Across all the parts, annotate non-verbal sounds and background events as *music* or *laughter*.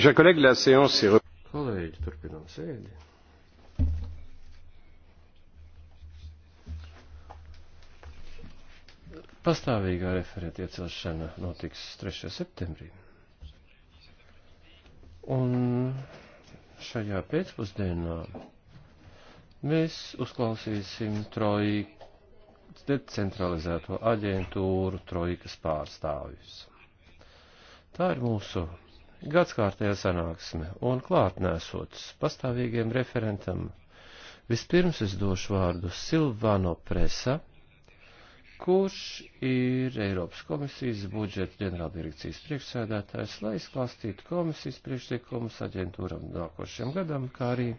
Chers collègues, la séance est Kolēģi, turpinām sēdi. Pastāvīgā referenta iecelšana notiks 3. septembrī. Un šajā pēcpusdienā mēs uzklausīsim trojku decentralizēto aģentūru trojkas pārstāvjus. Tā ir mūsu gadskārtējā sanāksme un klātnēsots pastāvīgiem referentam. Vispirms es došu vārdu Silvano Presa, kurš ir Eiropas komisijas budžeta ģenerāldirekcijas priekšsēdētājs, lai izklāstītu komisijas priekšlikumus aģentūram nākošajam gadam, kā arī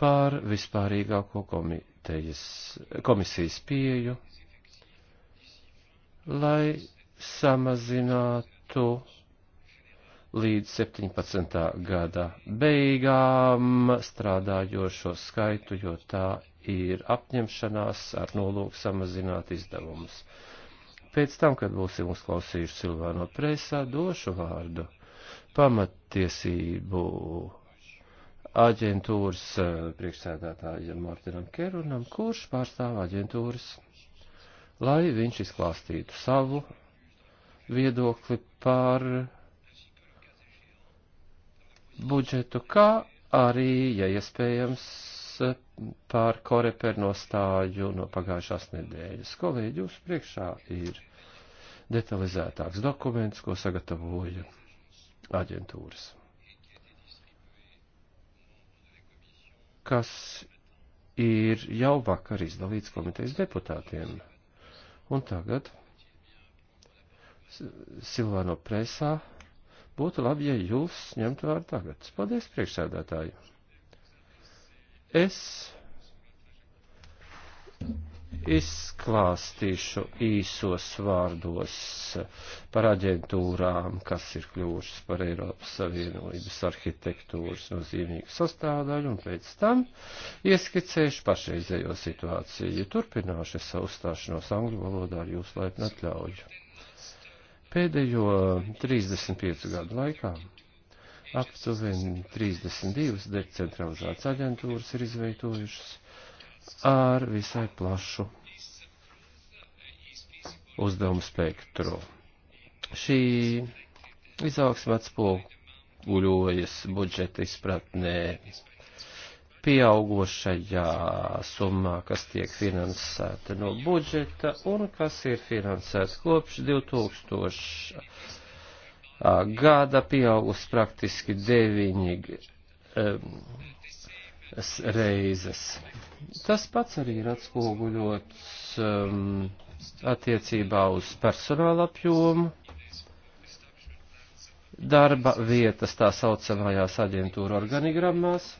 par vispārīgāko komisijas pieju, lai samazinātu līdz 17. gada beigām strādājošo skaitu, jo tā ir apņemšanās ar nolūku samazināt izdevumus. Pēc tam, kad būsim uzklausījuši Silvāno presā, došu vārdu pamattiesību aģentūras eh, priekšsēdētājam Martinam Kerunam, kurš pārstāv aģentūras, lai viņš izklāstītu savu viedokli par budžetu, kā arī, ja iespējams, pār koreper nostāju no pagājušās nedēļas. Kolēģi, jūs priekšā ir detalizētāks dokuments, ko sagatavoja aģentūras. Kas ir jau vakar izdalīts komitejas deputātiem. Un tagad Silvāno presā Būtu labi, ja jūs ņemtu vārdu tagad. Paldies, priekšsēdētāji. Es izklāstīšu īsos vārdos par aģentūrām, kas ir kļuvušas par Eiropas Savienības arhitektūras nozīmīgu sastāvdaļu, un pēc tam ieskicēšu pašreizējo situāciju. Turpināšu savu stāšanos angļu valodā ar jūsu laipnu atļauju. Pēdējo 35 gadu laikā aptuveni 32 decentralizētas aģentūras ir izveidojušas ar visai plašu uzdevumu spektru. Šī izaugsme atspoguļojas budžeta izpratnē pieaugošajā summā, kas tiek finansēta no budžeta un kas ir finansēts kopš 2000. gada pieaugus praktiski deviņi um, reizes. Tas pats arī ir atspoguļots um, attiecībā uz personāla apjomu darba vietas tā saucamajās aģentūra organigrammās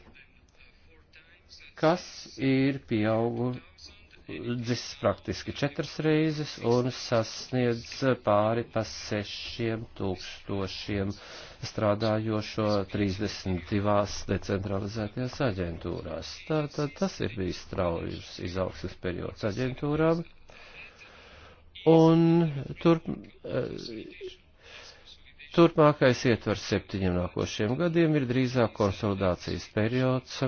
kas ir pieaugušas praktiski četras reizes un sasniedz pāri pa sešiem tūkstošiem strādājošo 32 decentralizētajās aģentūrās. Tātad tas ir bijis straujas izaugsmes periods aģentūrām. Un tur, eh, turpmākais ietvers septiņiem nākošiem gadiem ir drīzāk konsolidācijas periods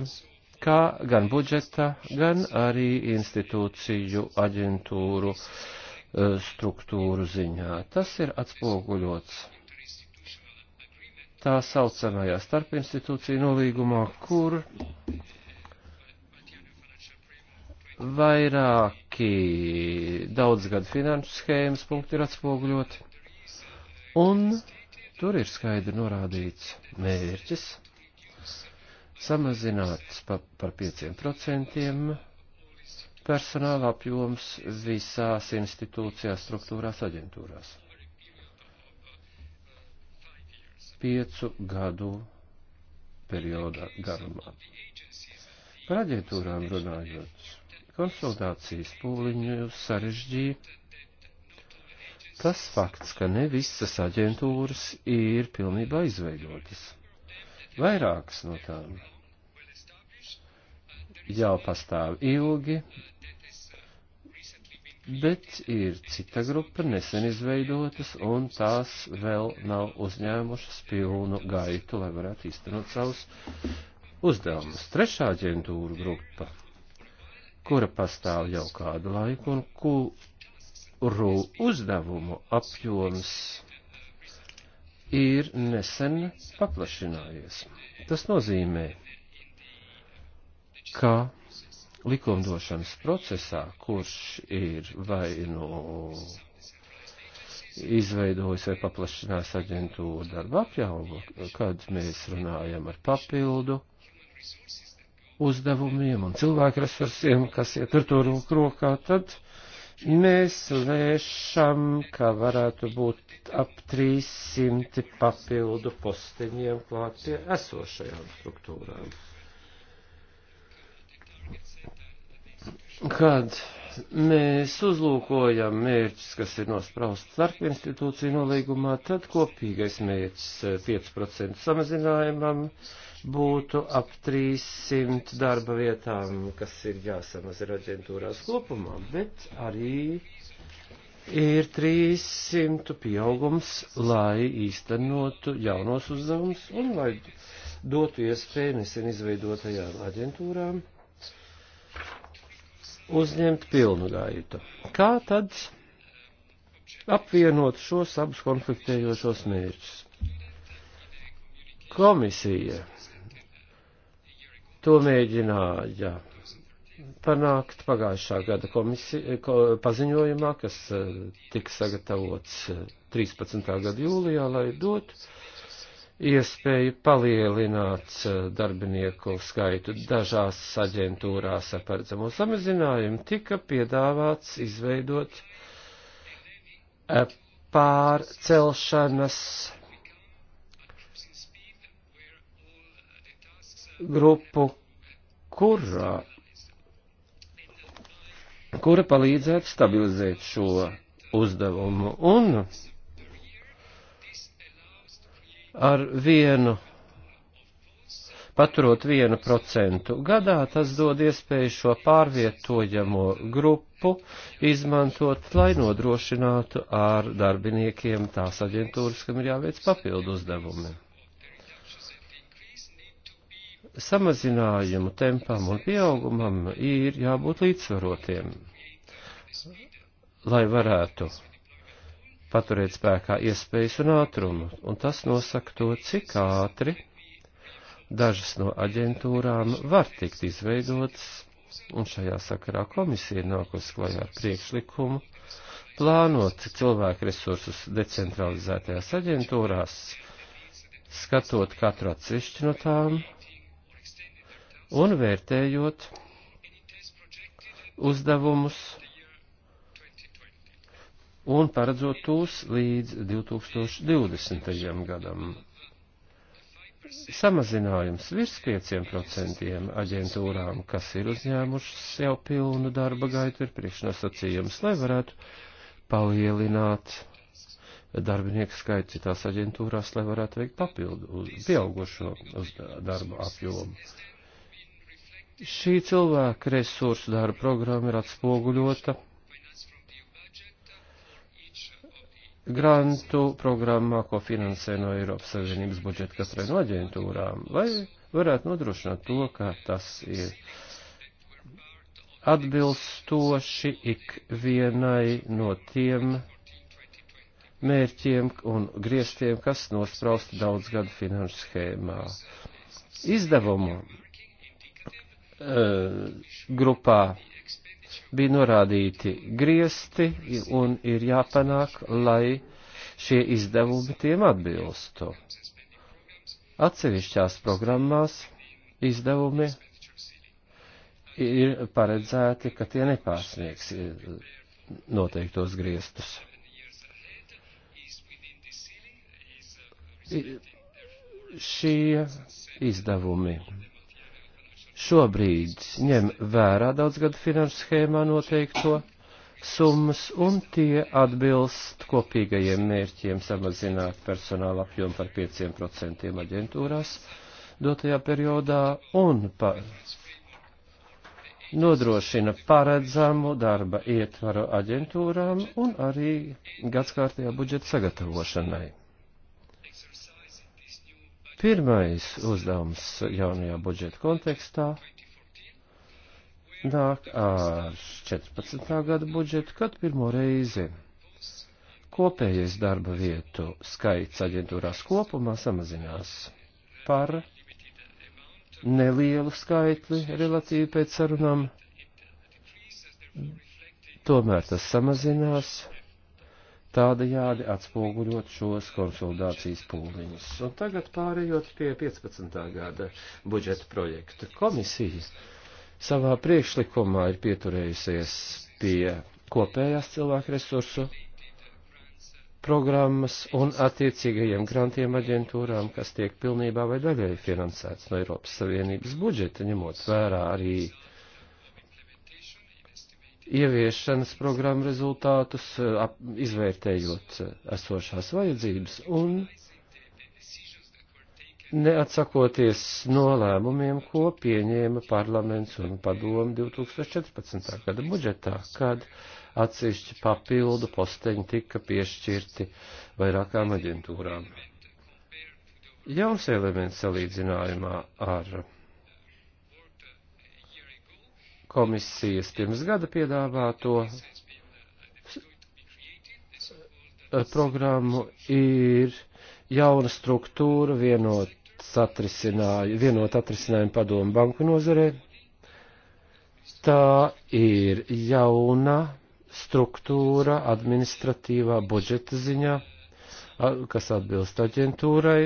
kā gan budžeta, gan arī institūciju aģentūru e, struktūru ziņā. Tas ir atspoguļots tā saucamajā starpinstitūcija nolīgumā, kur vairāki daudzgadu finanšu schēmas punkti ir atspoguļoti, un tur ir skaidri norādīts mērķis samazināts pa, par 5% personāla apjoms visās institūcijās, struktūrās, aģentūrās. Piecu gadu perioda garumā. Par aģentūrām runājot, konsultācijas pūliņu sarežģīja tas fakts, ka ne visas aģentūras ir pilnībā izveidotas. Vairākas no tām jau pastāv ilgi, bet ir cita grupa nesen izveidotas, un tās vēl nav uzņēmušas pilnu gaitu, lai varētu īstenot savus uzdevumus. Trešā ģentūra grupa, kura pastāv jau kādu laiku, un kuru uzdevumu apjoms ir nesen paplašinājies. Tas nozīmē, ka likumdošanas procesā, kurš ir vai nu izveidojis vai paplašinājis aģentūru darba apjaumu, kad mēs runājam ar papildu uzdevumiem un cilvēku resursiem, kas iet ar to roku rokā, tad Mēs lēšam, ka varētu būt ap 300 papildu posteņiem klāt pie esošajām struktūrām. Kad mēs uzlūkojam mērķus, kas ir nospraust starp institūciju nolīgumā, tad kopīgais mērķis 5% eh, samazinājumam, uh, būtu ap 300 darba vietām, kas ir jāsamazina aģentūrās kopumā, bet arī ir 300 pieaugums, lai īstenotu jaunos uzdevumus un lai dotu iespēju nesen izveidotajām aģentūrām uzņemt pilnu gaitu. Kā tad apvienot šos abus konfliktējošos mērķus? Komisija To mēģināja panākt pagājušā gada komisi, ko, paziņojumā, kas eh, tika sagatavots 13. Eh, gada jūlijā, lai dotu iespēju palielināt eh, darbinieku skaitu dažās aģentūrās ar paredzamo samazinājumu, tika piedāvāts izveidot pārcelšanas grupu, kurā, kura palīdzētu stabilizēt šo uzdevumu. Un ar vienu, paturot vienu procentu gadā, tas dod iespēju šo pārvietojamo grupu izmantot, lai nodrošinātu ar darbiniekiem tās aģentūras, kam ir jāveic papildu uzdevumi samazinājumu tempam un pieaugumam ir jābūt līdzsvarotiem, lai varētu paturēt spēkā iespējas un ātrumu, un tas nosaka to, cik ātri dažas no aģentūrām var tikt izveidotas, un šajā sakarā komisija nākus klajā ar priekšlikumu plānot cilvēku resursus decentralizētajās aģentūrās, skatot katru atsevišķi no tām un vērtējot uzdevumus un paredzot tos līdz 2020. gadam. Samazinājums virs 5% aģentūrām, kas ir uzņēmušas jau pilnu darba gaitu, ir priekšnosacījums, lai varētu palielināt darbinieku skaitu citās aģentūrās, lai varētu veikt papildu uz pieaugušo uz darba apjomu. Šī cilvēka resursu darba programma ir atspoguļota grantu programmā, ko finansē no Eiropas Savienības budžeta katrai no aģentūrām, lai varētu nodrošināt to, ka tas ir atbilstoši ikvienai no tiem mērķiem un griestiem, kas nosprausti daudz gadu finanšu schēmā. Izdevumu Eh, grupā bija norādīti griesti un ir jāpanāk, lai šie izdevumi tiem atbilstu. Atsevišķās programmās izdevumi ir paredzēti, ka tie nepārsniegs eh, noteiktos griestus. Šie izdevumi šobrīd ņem vērā daudzgadu finanšu schēmā noteikto summas, un tie atbilst kopīgajiem mērķiem samazināt personāla apjomu par 5% aģentūrās dotajā periodā un pa, nodrošina paredzamu darba ietvaru aģentūrām un arī gadskārtajā budžeta sagatavošanai. Pirmais uzdevums jaunajā budžeta kontekstā nāk ar 14. gada budžetu, kad pirmo reizi kopējais darba vietu skaits aģentūrās kopumā samazinās par nelielu skaitli relatīvi pēc sarunām. Tomēr tas samazinās tādajādi atspoguļot šos konsolidācijas pūliņus. Un tagad pārējot pie 15. gada budžeta projekta komisijas, savā priekšlikumā ir pieturējusies pie kopējās cilvēku resursu programmas un attiecīgajiem grantiem aģentūrām, kas tiek pilnībā vai daļai finansēts no Eiropas Savienības budžeta, ņemot vērā arī uh, ieviešanas programmu rezultātus, eh, ap, izvērtējot eh, esošās vajadzības un neatsakoties no lēmumiem, ko pieņēma parlaments un padomu 2014. gada budžetā, kad atsevišķi papildu posteņi tika piešķirti vairākām aģentūrām. Jauns elements salīdzinājumā ar komisijas pirms gada piedāvāto programmu ir jauna struktūra, vienot atrisinājumu, vienot atrisinājumu padomu banku nozarē. Tā ir jauna struktūra administratīvā budžeta ziņā, kas atbilst aģentūrai,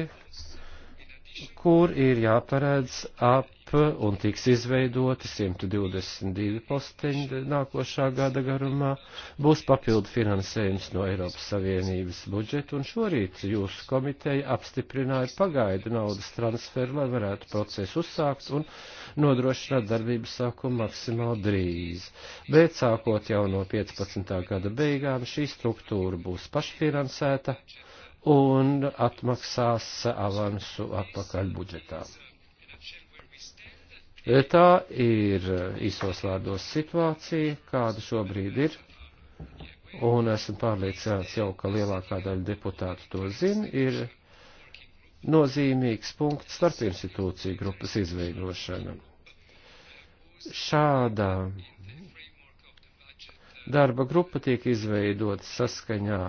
kur ir jāparedz ap un tiks izveidoti 122 posteņi nākošā gada garumā, būs papildu finansējums no Eiropas Savienības budžeta, un šorīt jūsu komiteja apstiprināja pagaidu naudas transferu, lai varētu procesu uzsākt un nodrošināt darbību sākumu maksimāli drīz. Bet sākot jau no 15. gada beigām šī struktūra būs pašfinansēta un atmaksās avansu atpakaļ budžetām. Tā ir īsos vārdos situācija, kāda šobrīd ir, un esmu pārliecināts jau, ka lielākā daļa deputātu to zina, ir nozīmīgs punkts starp institūciju grupas izveidošana. Šāda darba grupa tiek izveidota saskaņā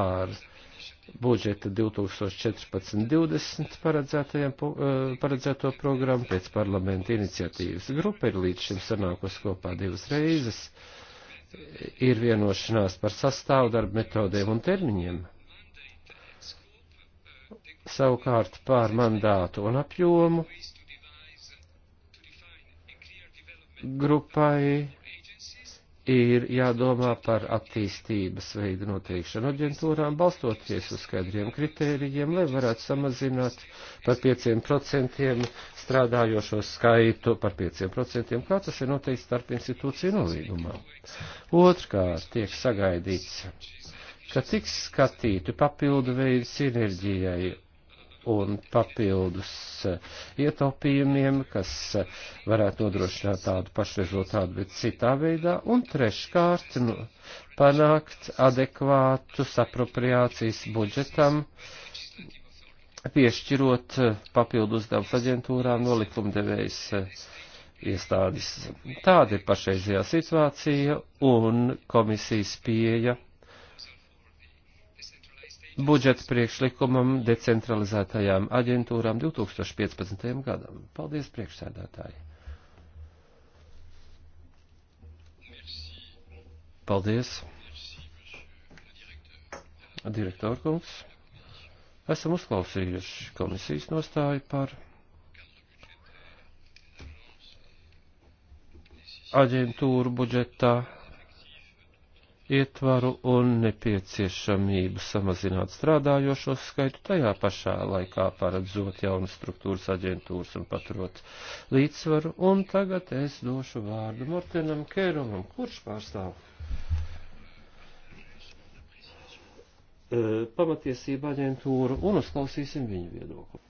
ar budžeta 2014-2020 eh, paredzēto programmu pēc parlamenta iniciatīvas. Grupa ir līdz šim sanākusi kopā divas reizes, ir vienošanās par sastāvu darba metodēm un termiņiem. Savukārt pār mandātu un apjomu grupai ir jādomā par attīstības veidu noteikšanu aģentūrām, balstoties uz skaidriem kritērijiem, lai varētu samazināt par 5% strādājošo skaitu par 5%, kā tas ir noteikts starp institūciju nolīgumā. Otrkārt, tiek sagaidīts, ka tiks skatīti papildu veidi sinerģijai un papildus eh, ietaupījumiem, kas eh, varētu nodrošināt tādu pašu rezultātu, bet citā veidā, un treškārt nu, panākt adekvātus apropriācijas budžetam, piešķirot eh, papildu uzdevums aģentūrām no likumdevējas iestādes. Tāda ir pašreizajā situācija un komisijas pieeja budžeta priekšlikumam decentralizētajām aģentūrām 2015. gadam. Paldies, priekšsēdētāji! Paldies! Direktorkungs, esam uzklausījuši komisijas nostāju par aģentūru budžetā ietvaru un nepieciešamību samazināt strādājošo skaitu, tajā pašā laikā paredzot jaunas struktūras aģentūras un paturot līdzsvaru. Un tagad es došu vārdu Mortenam Kērumam, kurš pārstāv e, pamatiesība aģentūru un uzklausīsim viņu viedokli.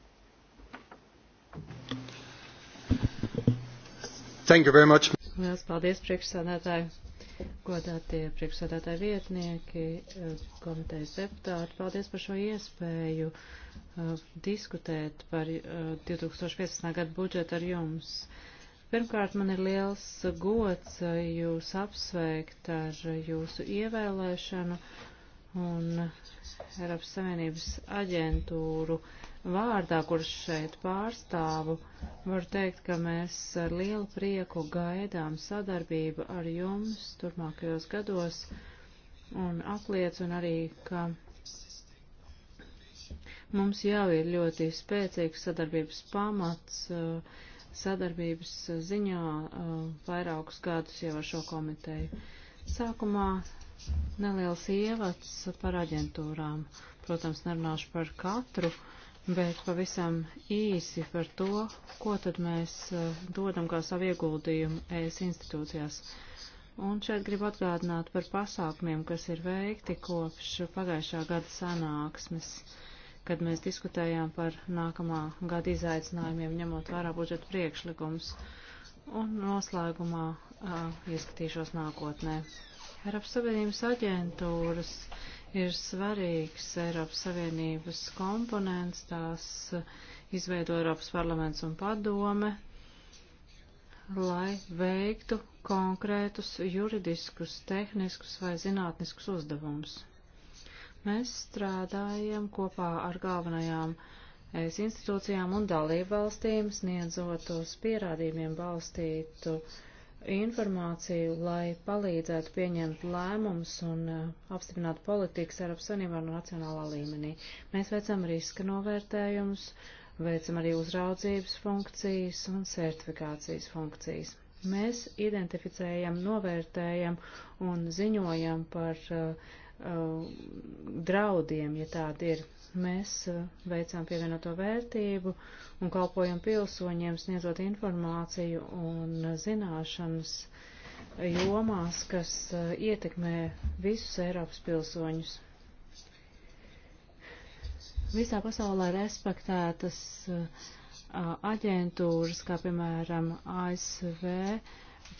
Thank you very much. Lielas paldies, priekšsādātāji godātie priekšsēdētāji vietnieki, komitejas deputāti, paldies par šo iespēju uh, diskutēt par uh, 2015. gadu budžetu ar jums. Pirmkārt, man ir liels gods uh, jūs apsveikt ar jūsu ievēlēšanu un Eiropas Savienības aģentūru uh, vārdā, kurš šeit pārstāvu, varu teikt, ka mēs ar lielu prieku gaidām sadarbību ar jums turpmākajos gados un apliecinu arī, ka mums jau ir ļoti spēcīgs sadarbības pamats sadarbības ziņā vairākus gadus jau ar šo komiteju. Sākumā neliels ievads par aģentūrām. Protams, nerunāšu par katru. Uh, bet pavisam īsi par to, ko tad mēs eh, dodam kā savu ieguldījumu ES institūcijās. Un šeit gribu atgādināt par pasākumiem, kas ir veikti kopš pagājušā gada sanāksmes, kad mēs diskutējām par nākamā gada izaicinājumiem, ņemot vērā budžeta priekšlikums. Un noslēgumā uh, ieskatīšos nākotnē. Eiropas Savienības aģentūras ir svarīgs Eiropas Savienības komponents, tās izveido Eiropas parlaments un padome, lai veiktu konkrētus juridiskus, tehniskus vai zinātniskus uzdevumus. Mēs strādājam kopā ar galvenajām es institūcijām un dalību valstīm, sniedzot uz pierādījumiem balstītu uh, informāciju, lai palīdzētu pieņemt lēmumus un uh, apstiprināt politikas Eiropas Savienībā un nacionālā līmenī. Mēs veicam riska novērtējumus, veicam arī uzraudzības funkcijas un certifikācijas funkcijas. Mēs identificējam, novērtējam un ziņojam par uh, uh, draudiem, ja tādi ir Mēs eh, veicām pievienoto vērtību un kalpojam pilsoņiem sniedzot informāciju un zināšanas jomās, kas eh, ietekmē visus Eiropas pilsoņus. Visā pasaulē respektētas eh, aģentūras, kā piemēram ASV,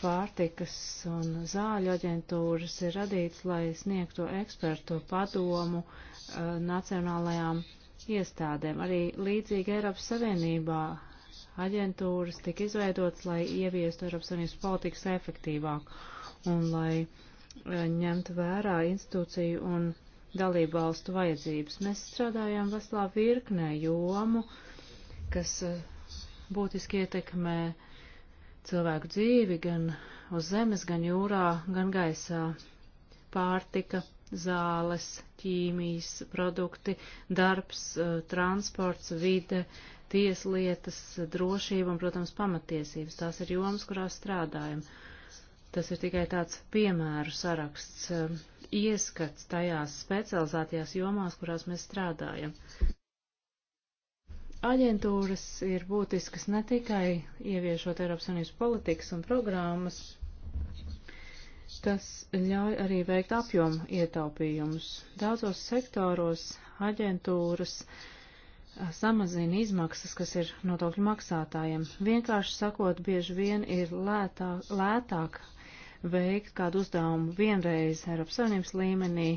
pārtikas un zāļu aģentūras ir radīts, lai sniegtu ekspertu padomu uh, nacionālajām iestādēm. Arī līdzīgi Eiropas Savienībā aģentūras tika izveidotas, lai ieviestu Eiropas Savienības politikas efektīvāk un lai uh, ņemtu vērā institūciju un dalību valstu vajadzības. Mēs strādājam veselā virknē jomu, kas uh, būtiski ietekmē uh, cilvēku dzīvi gan uz zemes, gan jūrā, gan gaisā. Pārtika, zāles, ķīmijas produkti, darbs, eh, transports, vide, tieslietas, drošība un, protams, pamatiesības. Tās ir jomas, kurās strādājam. Tas ir tikai tāds piemēru saraksts, eh, ieskats tajās specializētajās jomās, kurās mēs strādājam. Aģentūras ir būtiskas ne tikai ieviešot Eiropas Savienības politikas un programmas, tas ļauj arī veikt apjomu ietaupījumus. Daudzos sektoros aģentūras samazina izmaksas, kas ir nodokļu maksātājiem. Vienkārši sakot, bieži vien ir lētāk, lētāk veikt kādu uzdevumu vienreiz Eiropas Savienības līmenī,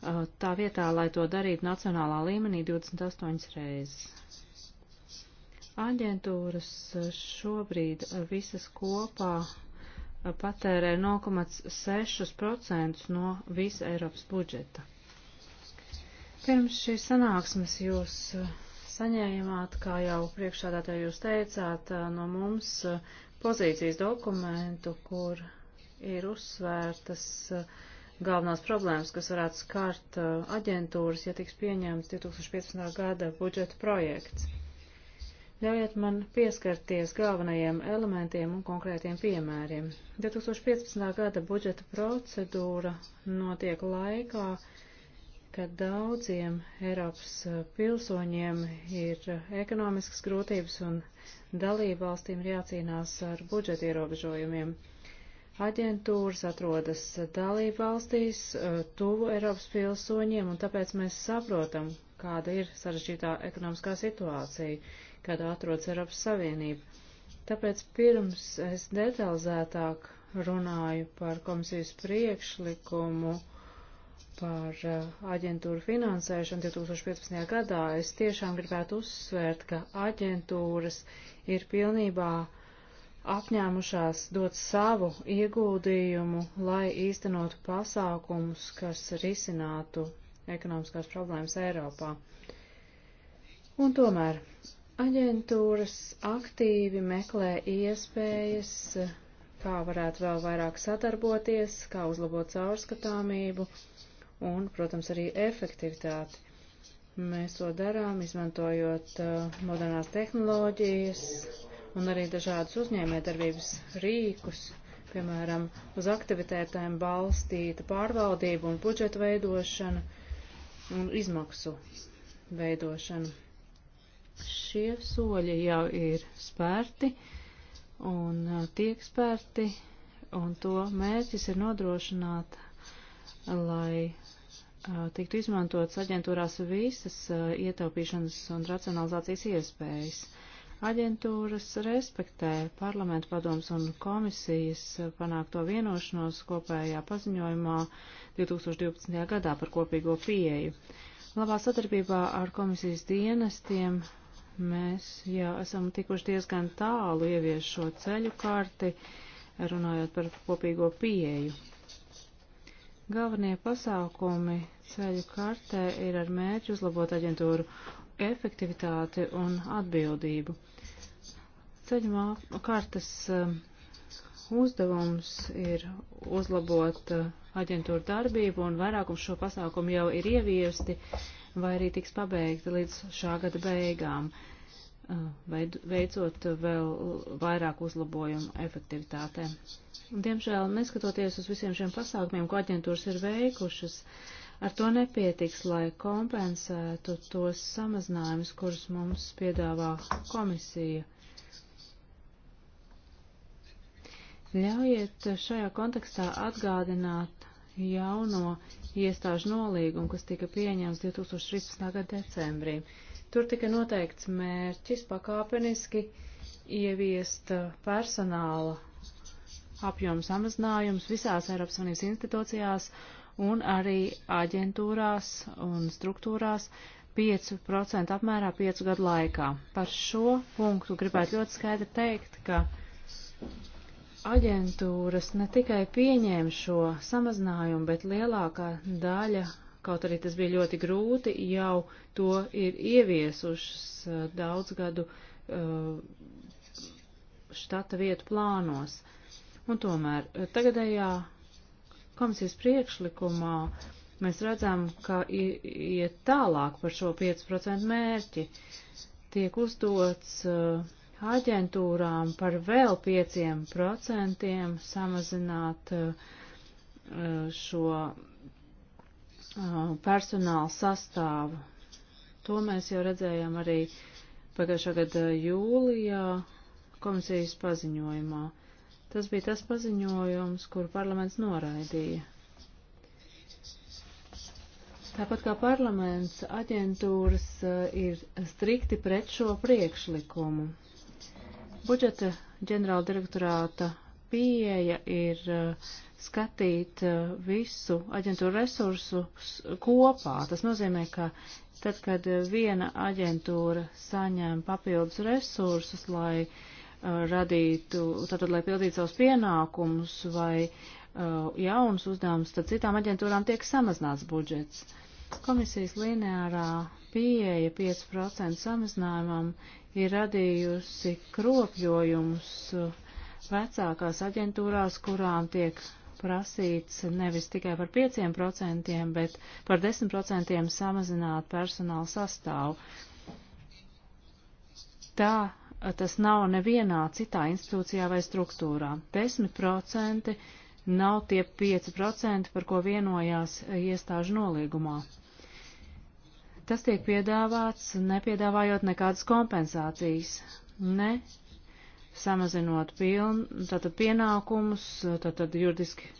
Uh, tā vietā, lai to darītu nacionālā līmenī 28 reizes. Aģentūras uh, šobrīd uh, visas kopā patērē 0,6% no visa Eiropas budžeta. Pirms šīs sanāksmes jūs saņēmāt, kā jau priekšādātāji jūs teicāt, no mums pozīcijas dokumentu, kur ir uzsvērtas uh, galvenās problēmas, kas varētu skart uh, aģentūras, ja tiks pieņemts 2015. gada budžeta projekts. Ļaujiet man pieskarties galvenajiem elementiem un konkrētiem piemēriem. 2015. gada budžeta procedūra notiek laikā, kad daudziem Eiropas uh, pilsoņiem ir uh, ekonomiskas grūtības un dalību valstīm ir jācīnās ar budžeta ierobežojumiem aģentūras atrodas dalību valstīs, e, tuvu Eiropas pilsoņiem, un tāpēc mēs saprotam, kāda ir sarežģītā ekonomiskā situācija, kādā atrodas Eiropas Savienība. Tāpēc pirms es detalizētāk runāju par komisijas priekšlikumu par e, aģentūru finansēšanu 2015. gadā, es tiešām gribētu uzsvērt, ka aģentūras ir pilnībā uh, apņēmušās dot savu ieguldījumu, lai īstenotu pasākumus, kas risinātu ekonomiskās problēmas Eiropā. Un tomēr aģentūras aktīvi meklē iespējas, kā varētu vēl vairāk sadarboties, kā uzlabot caurskatāmību un, protams, arī efektivitāti. Mēs to darām, izmantojot eh, modernās tehnoloģijas, un arī dažādus uzņēmētarbības rīkus, piemēram, uz aktivitētēm balstīta pārvaldība un budžeta veidošana un izmaksu veidošana. Šie soļi jau ir spērti un tiek spērti, un to mērķis ir nodrošināt, lai tiktu izmantotas aģentūrās visas ietaupīšanas un racionalizācijas iespējas. Aģentūras respektē parlamentu padoms un komisijas eh, panākto vienošanos kopējā paziņojumā 2012. gadā par kopīgo pieeju. Labā sadarbībā ar komisijas dienestiem mēs jau esam tikuši diezgan tālu ievies šo ceļu karti, runājot par kopīgo pieeju. Galvenie pasākumi ceļu kartē ir ar mērķi uzlabot aģentūru efektivitāti un atbildību. Ceļumā kartas um, uzdevums ir uzlabot uh, aģentūru darbību, un vairākums šo pasākumu jau ir ieviesti, vai arī tiks pabeigti līdz šā gada beigām, uh, veicot vēl vairāk uzlabojumu efektivitātē. Diemžēl, neskatoties uz visiem šiem pasākumiem, ko aģentūras ir veikušas, uh, Ar to nepietiks, lai kompensētu tos samazinājumus, kurus mums piedāvā komisija. Ļaujiet šajā kontekstā atgādināt jauno iestāžu nolīgumu, kas tika pieņemts 2013. gada decembrī. Tur tika noteikts mērķis pakāpeniski ieviest personāla apjomu samazinājums visās Eiropas Savienības institūcijās un arī aģentūrās un struktūrās 5% apmērā 5 gadu laikā. Par šo punktu gribētu ļoti skaidri teikt, ka aģentūras ne tikai pieņēma šo samazinājumu, bet lielākā daļa, kaut arī tas bija ļoti grūti, jau to ir ieviesušas uh, daudz gadu uh, štata vietu plānos. Un tomēr uh, tagadējā Komisijas priekšlikumā mēs redzam, ka iet tālāk par šo 5% mērķi. Tiek uzdots uh, aģentūrām par vēl 5% samazināt uh, uh, šo uh, personāla sastāvu. To mēs jau redzējām arī pagājušā gada jūlijā komisijas paziņojumā. Uh, Tas bija tas paziņojums, kur parlaments noraidīja. Tāpat kā parlaments, aģentūras eh, ir strikti pret šo priekšlikumu. Budžeta ģenerāldirektorāta pieeja ir eh, skatīt eh, visu aģentūru resursu kopā. Tas nozīmē, ka tad, kad viena aģentūra saņem papildus resursus, lai uh, Uh, radītu, tātad, lai pildītu savus pienākumus vai uh, jaunus uzdevumus, tad citām aģentūrām tiek samazināts budžets. Komisijas lineārā pieeja 5% samazinājumam ir radījusi kropļojumus vecākās aģentūrās, kurām tiek prasīts nevis tikai par 5%, bet par 10% samazināt personāla sastāvu. Tā tas nav nevienā citā institūcijā vai struktūrā. 10% nav tie 5%, par ko vienojās iestāžu nolīgumā. Tas tiek piedāvāts, nepiedāvājot nekādas kompensācijas, ne samazinot piln, tātad pienākumus, tātad juridiski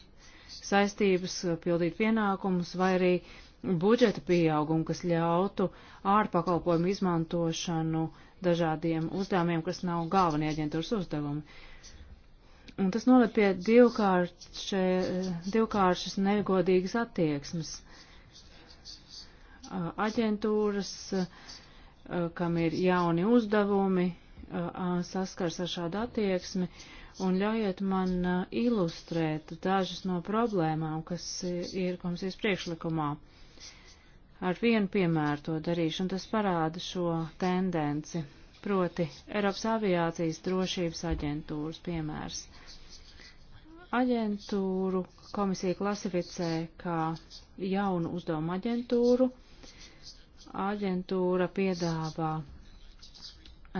saistības, pildīt pienākumus vai arī uh, budžeta pieaugumu, kas ļautu ārpakalpojumu izmantošanu dažādiem uzdevumiem, kas nav galvenie aģentūras uzdevumi. Un tas noved pie divkāršē, divkāršas negodīgas attieksmes. Aģentūras, kam ir jauni uzdevumi, saskars ar šādu attieksmi, un ļaujiet man ilustrēt dažas no problēmām, kas ir komisijas priekšlikumā. Uh, ar vienu piemēru to darīšu, un tas parāda šo tendenci, proti Eiropas aviācijas drošības aģentūras piemērs. Aģentūru komisija klasificē kā jaunu uzdevumu aģentūru. Aģentūra piedāvā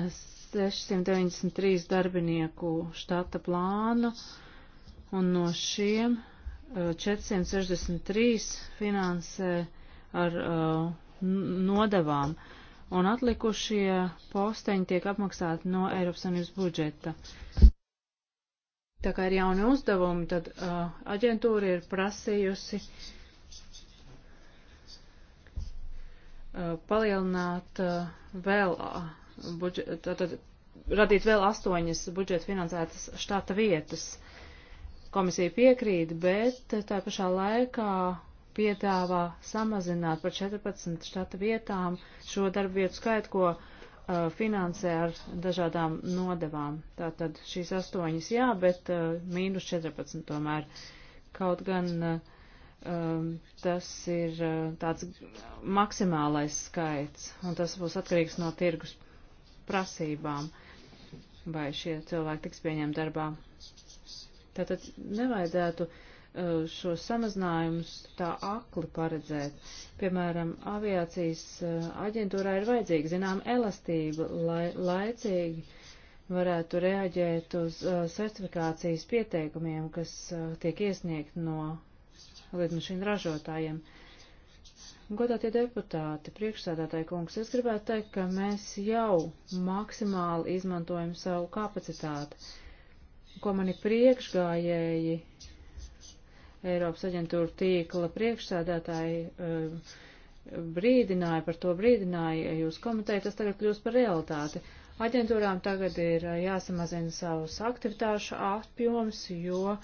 693 darbinieku štata plānu, un no šiem 463 eh, finansē ar uh, nodevām, un atlikušie posteņi tiek apmaksāti no Eiropas Savienības budžeta. Tā kā ir jauni uzdevumi, tad uh, aģentūra ir prasījusi uh, palielināt uh, vēl uh, budžeta, tātad radīt vēl astoņas budžeta finansētas štata vietas. Komisija piekrīt, bet tā pašā laikā piedāvā samazināt par 14 štata vietām šo darbu vietu skaitu, ko uh, finansē ar dažādām nodevām. Tātad šīs astoņas jā, bet uh, mīnus 14 tomēr. Kaut gan uh, um, tas ir uh, tāds maksimālais skaits, un tas būs atkarīgs no tirgus prasībām, vai šie cilvēki tiks pieņemti darbā. Tātad nevajadzētu uh, Uh, šo samazinājumus tā akli paredzēt. Piemēram, aviācijas uh, aģentūrā ir vajadzīga zinām elastība, lai laicīgi varētu reaģēt uz uh, certifikācijas pieteikumiem, kas tiek iesniegt no lidmašīnu ražotājiem. Godātie deputāti, priekšsādātāji kungs, es gribētu teikt, ka mēs jau maksimāli izmantojam savu kapacitāti, ko mani priekšgājēji Eiropas aģentūra tīkla priekšsēdētāji uh, brīdināja, par to brīdināja jūs komiteja, tas tagad kļūst par realitāti. Aģentūrām tagad ir eh, jāsamazina savus aktivitāšu apjoms, jo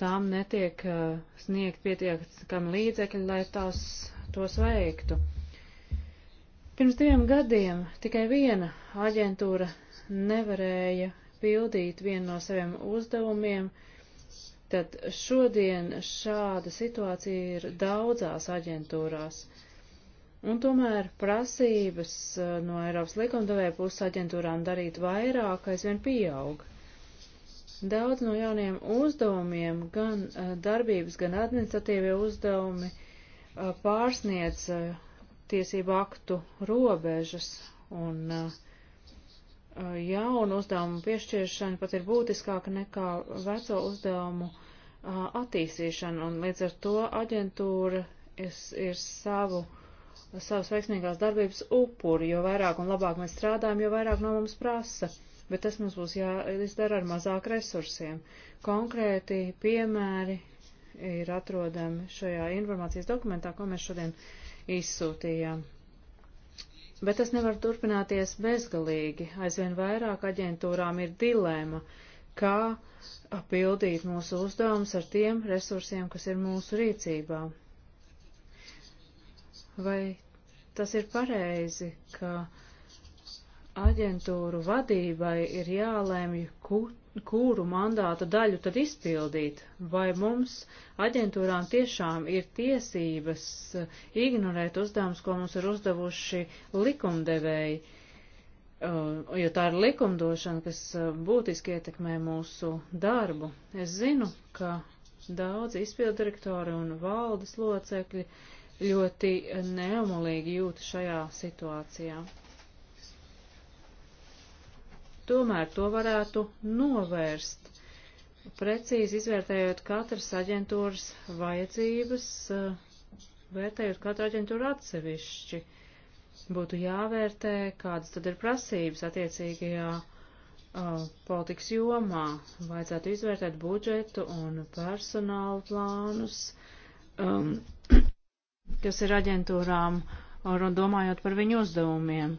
tām netiek uh, sniegt pietiekami līdzekļi, lai tās tos veiktu. Pirms diviem gadiem tikai viena aģentūra nevarēja pildīt vienu no saviem uzdevumiem, uh, tad šodien šāda situācija ir daudzās aģentūrās. Un tomēr prasības uh, no Eiropas likumdevēja puses aģentūrām darīt vairāk aizvien pieaug. Daudz no jauniem uzdevumiem, gan uh, darbības, gan administratīvie uzdevumi uh, pārsniedz tiesību aktu robežas un uh, jaunu uzdevumu piešķiršana pat ir būtiskāka nekā veco uzdevumu attīstīšanu, un līdz ar to aģentūra ir, ir savu, savas veiksmīgās darbības upuri, jo vairāk un labāk mēs strādājam, jo vairāk no mums prasa, bet tas mums būs jāizdara ar mazāk resursiem. Konkrēti piemēri ir atrodami šajā informācijas dokumentā, ko mēs šodien izsūtījām. Bet tas nevar turpināties bezgalīgi. Aizvien vairāk aģentūrām ir dilēma. Uh, kā pildīt mūsu uzdevumus ar tiem resursiem, kas ir mūsu rīcībā. Vai tas ir pareizi, ka aģentūru vadībai ir jālēmj, ku, kuru mandātu daļu tad izpildīt, vai mums aģentūrām tiešām ir tiesības uh, ignorēt uzdevumus, ko mums ir uzdevuši likumdevēji? Uh, jo tā ir likumdošana, kas uh, būtiski ietekmē mūsu darbu. Es zinu, ka daudz izpildirektori un valdes locekļi ļoti neumolīgi jūta šajā situācijā. Tomēr to varētu novērst, precīzi izvērtējot katras aģentūras vajadzības, uh, vērtējot katru aģentūru atsevišķi. Uh, būtu jāvērtē, kādas tad ir prasības attiecīgajā uh, politikas jomā. Vajadzētu izvērtēt budžetu un personālu plānus, um, *clears throat* kas ir aģentūrām, un domājot par viņu uzdevumiem.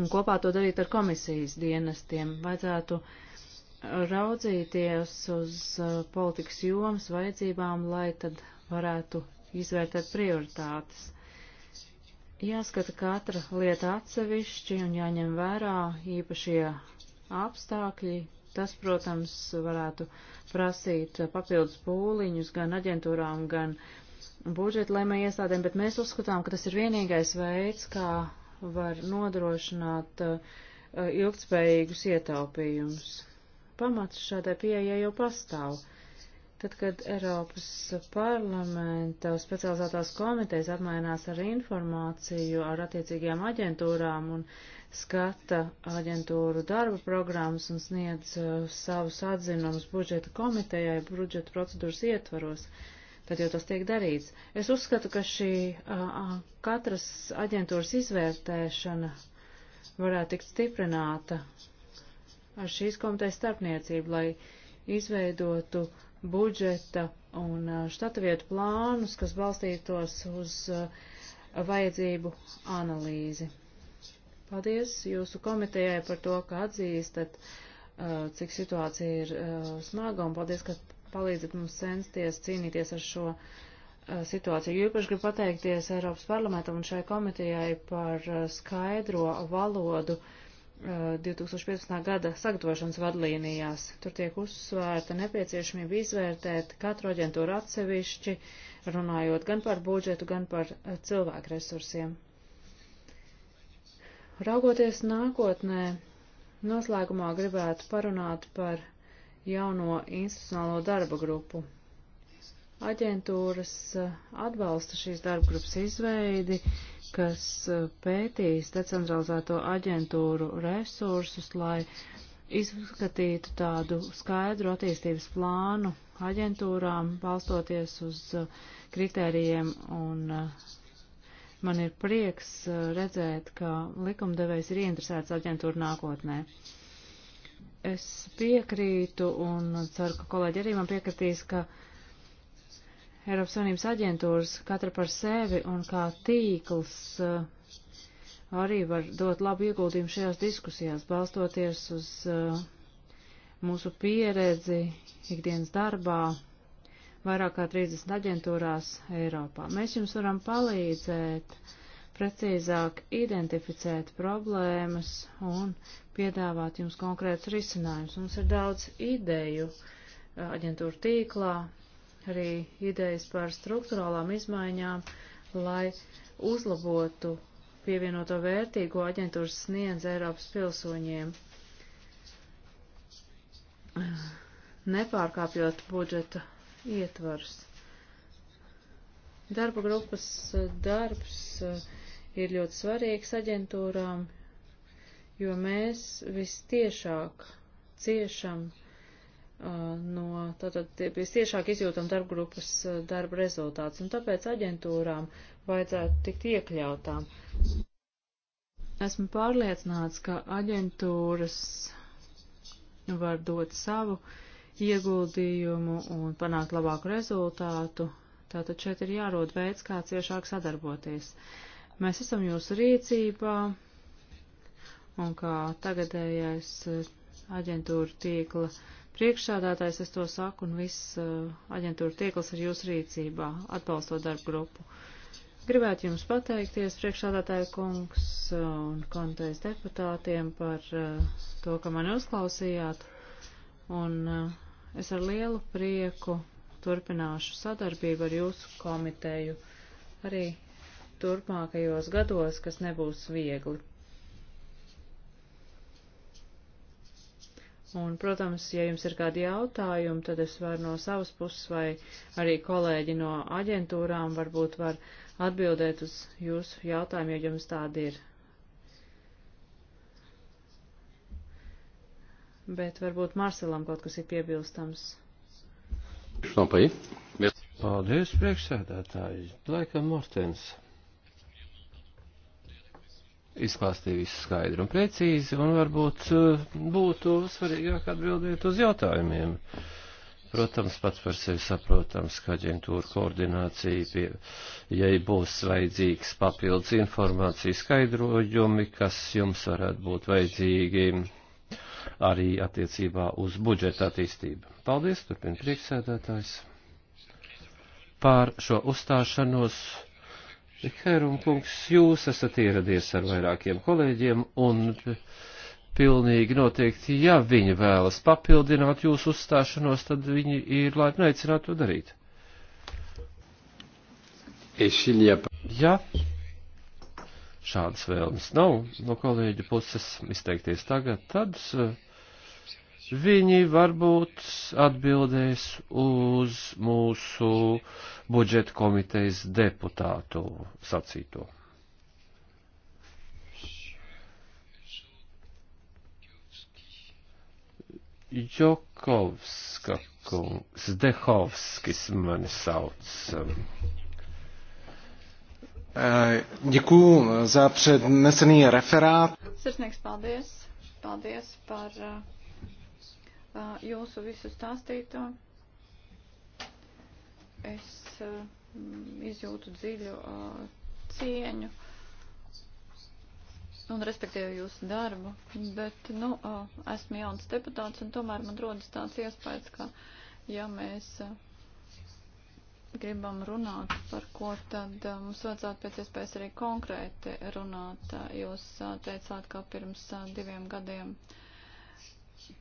Un kopā to darīt ar komisijas dienestiem. Vajadzētu uh, raudzīties uz politikas jomas vajadzībām, lai tad varētu izvērtēt prioritātes. Jāskata katra lieta atsevišķi un jāņem vērā īpašie apstākļi. Tas, protams, varētu prasīt papildus pūliņus gan aģentūrām, gan budžeta lēmē iestādēm, bet mēs uzskatām, ka tas ir vienīgais veids, kā var nodrošināt uh, ilgtspējīgus ietaupījumus. Pamats šādai pieejai jau pastāv. Uh, Tad, kad Eiropas parlamenta specializētās komitejas apmainās ar informāciju ar attiecīgajām aģentūrām un skata aģentūru darba programmas un sniedz uh, savus atzinumus budžeta komitejai budžeta procedūras ietvaros, tad jau tas tiek darīts. Es uzskatu, ka šī uh, uh katras aģentūras izvērtēšana varētu tikt stiprināta ar šīs komitejas starpniecību, lai izveidotu uh, budžeta un štata vietu plānus, kas balstītos uz vajadzību analīzi. Paldies jūsu komitejai par to, ka atzīstat, cik situācija ir smaga, un paldies, ka palīdzat mums censties cīnīties ar šo situāciju. Īpaši gribu pateikties Eiropas parlamentam un šai komitejai par skaidro valodu, uh, 2015. Eh, gada sagatavošanas vadlīnijās. Tur tiek uzsvērta nepieciešamība izvērtēt katru aģentūru atsevišķi, runājot gan par budžetu, gan par eh, cilvēku resursiem. Raugoties nākotnē, noslēgumā gribētu parunāt par jauno institucionālo darba grupu aģentūras eh, atbalsta šīs darbgrupas izveidi, kas eh, pētīs decentralizēto aģentūru resursus, lai izskatītu tādu skaidru attīstības plānu aģentūrām, balstoties uz eh, kritērijiem un man ir prieks redzēt, ka likumdevējs ir ieinteresēts aģentūru nākotnē. Es piekrītu un ceru, ka kolēģi arī man piekritīs, ka uh, Eiropas Savienības aģentūras katra par sevi un kā tīkls eh, arī var dot labu ieguldījumu šajās diskusijās, balstoties uz eh, mūsu pieredzi ikdienas darbā vairāk kā 30 aģentūrās Eiropā. Mēs jums varam palīdzēt precīzāk identificēt problēmas un piedāvāt jums konkrētus risinājumus. Mums ir daudz ideju eh, aģentūru tīklā, arī idejas par struktūrālām izmaiņām, lai uzlabotu pievienoto vērtīgo aģentūras sniedz Eiropas pilsoņiem, nepārkāpjot budžeta ietvarus. Darba grupas darbs eh, ir ļoti svarīgs aģentūrām, jo mēs vistiešāk ciešam Uh, no, tātad tie bija tiešāk izjūtam darbgrupas uh, darba rezultāts, un tāpēc aģentūrām vajadzētu tikt iekļautām. Esmu pārliecināts, ka aģentūras var dot savu ieguldījumu un panākt labāku rezultātu, tātad šeit ir jārod veids, kā ciešāk sadarboties. Mēs esam jūsu rīcībā, un kā tagadējais uh, aģentūra tīkla uh, priekšsādātājs, es to saku, un viss uh, aģentūra tiekls ir jūsu rīcībā, atbalstot darbu grupu. Gribētu jums pateikties, priekšsādātāja kungs uh, un komitejas deputātiem par uh, to, ka mani uzklausījāt, un es ar lielu prieku turpināšu sadarbību ar jūsu komiteju arī turpmākajos gados, kas nebūs viegli. Un, protams, ja jums ir kādi jautājumi, tad es varu no savas puses vai arī kolēģi no aģentūrām varbūt var atbildēt uz jūsu jautājumu, ja jums tādi ir. Bet varbūt Marcelam kaut kas ir piebilstams. Paldies, priekšsēdētāji. Laikam Mortens izklāstīja visu skaidri un precīzi, un varbūt eh, būtu svarīgāk atbildēt uz jautājumiem. Protams, pats par sevi saprotams, ka aģentūra koordinācija, pie, ja būs vajadzīgs papildus informācijas skaidrojumi, kas jums varētu būt vajadzīgi arī attiecībā uz budžeta attīstību. Paldies, turpina priekšsēdētājs, pār šo uzstāšanos. Herum kungs, jūs esat ieradies ar vairākiem kolēģiem un pilnīgi noteikti, ja viņi vēlas papildināt jūsu uzstāšanos, tad viņi ir laipni aicināt to darīt. Ja šādas vēlmes nav no kolēģu puses izteikties tagad, tad. Uh, viņi varbūt atbildēs uz mūsu budžeta komitejas deputātu sacīto. Jokovska kungs, Dehovskis mani sauc. Eh, Děkuji za přednesený referát. Srdnieks, paldies. Paldies par uh, jūsu visu stāstīto. Es mm, izjūtu dziļu cieņu un respektīvu jūsu darbu, bet, nu, esmu jauns deputāts un tomēr man rodas tāds iespējas, ka, ja mēs gribam runāt par ko, tad mums vajadzētu pēc iespējas arī konkrēti runāt. Jūs teicāt, ka pirms diviem gadiem uh,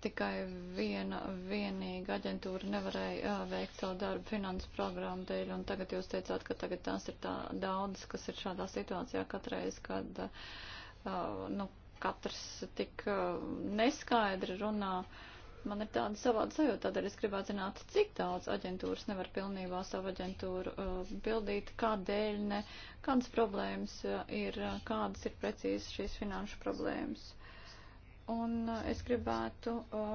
tikai viena vienīga aģentūra nevarēja uh, veikt savu darbu finansu programmu dēļ, un tagad jūs teicāt, ka tagad tās ir tā daudz, kas ir šādā situācijā katreiz, kad, uh, nu, katrs tik uh, neskaidri runā. Man ir tāda savāda sajūta, tādēļ es gribētu zināt, cik daudz aģentūras nevar pilnībā savu aģentūru uh, pildīt, kādēļ ne, kādas problēmas uh, ir, kādas ir precīzi šīs finanšu problēmas un uh, es gribētu uh,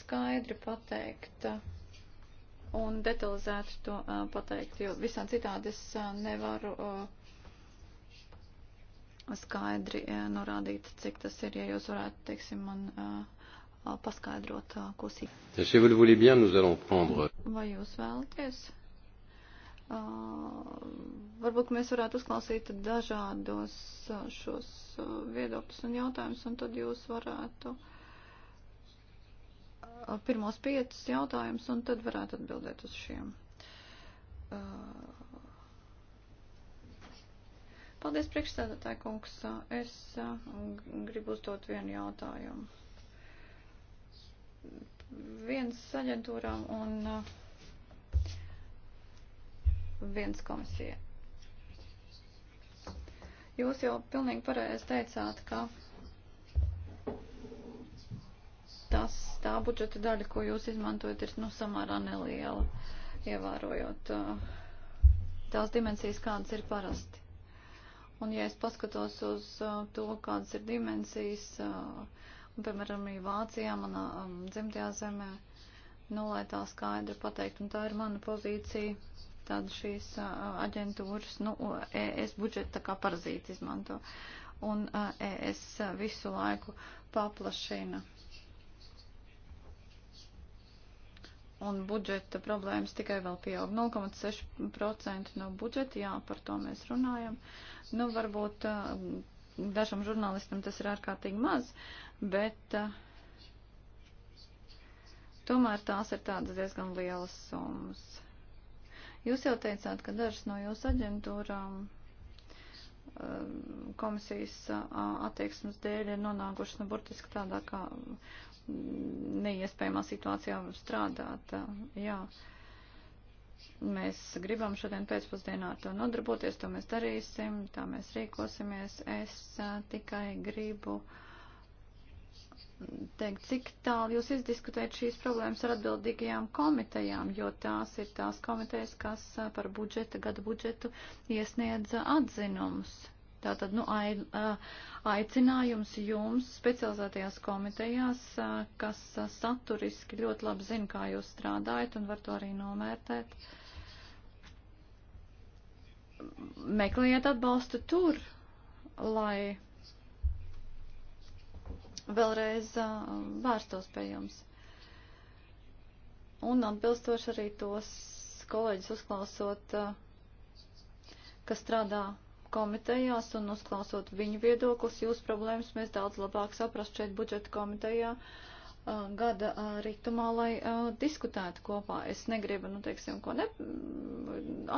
skaidri pateikt uh, un detalizēti to pateikt, jo visā citādi es nevaru skaidri norādīt, cik tas ir, ja jūs varētu, teiksim, man paskaidrot, ko sīk. Vai jūs vēlaties? varbūt mēs varētu uzklausīt dažādos šos viedokļus un jautājumus, un tad jūs varētu pirmos piecus jautājumus, un tad varētu atbildēt uz šiem. Paldies, priekšstādātāji kungs. Es gribu uzdot vienu jautājumu. Viens aģentūrām un uh, viens komisija. Jūs jau pilnīgi pareizi teicāt, ka tas, tā budžeta daļa, ko jūs izmantojat, ir nu, samērā neliela, ievērojot uh, tās dimensijas, kādas ir parasti. Un ja es paskatos uz uh, to, kādas ir dimensijas, uh, un, piemēram, arī Vācijā, manā um, dzimtajā zemē, nu, lai tā skaidri pateikt, un tā ir mana pozīcija, tad šīs aģentūras, nu, ES budžeta kā parazīti izmanto. Un ES visu laiku paplašina. Un budžeta problēmas tikai vēl pieaug. 0,6% no budžeta, jā, par to mēs runājam. Nu, varbūt dažam žurnālistam tas ir ārkārtīgi maz, bet tomēr tās ir tādas diezgan lielas summas. Jūs jau teicāt, ka dažas no jūsu aģentūrām eh, komisijas attieksmes dēļ ir nonākušas nu, burtiski tādā kā mm, neiespējamā situācijā strādāt. Jā. Mēs gribam šodien pēcpusdienā ar to nodarboties, to mēs darīsim, tā mēs rīkosimies. Es tikai gribu uh, teikt, cik tālu jūs izdiskutējat šīs problēmas ar atbildīgajām komitejām, jo tās ir tās komitejas, kas par budžeta, gada budžetu iesniedz atzinumus. Tātad, nu, aicinājums jums specializētajās komitejās, kas saturiski ļoti labi zina, kā jūs strādājat un var to arī nomērtēt. Meklējiet atbalstu tur, lai vēlreiz vērstos pie jums. Un atbilstoši arī tos kolēģis uzklausot, kas strādā komitejās un uzklausot viņu viedoklis, jūs problēmas mēs daudz labāk saprast šeit budžeta komitejā gada rītumā, lai diskutētu kopā. Es negribu, nu, teiksim, ko ne,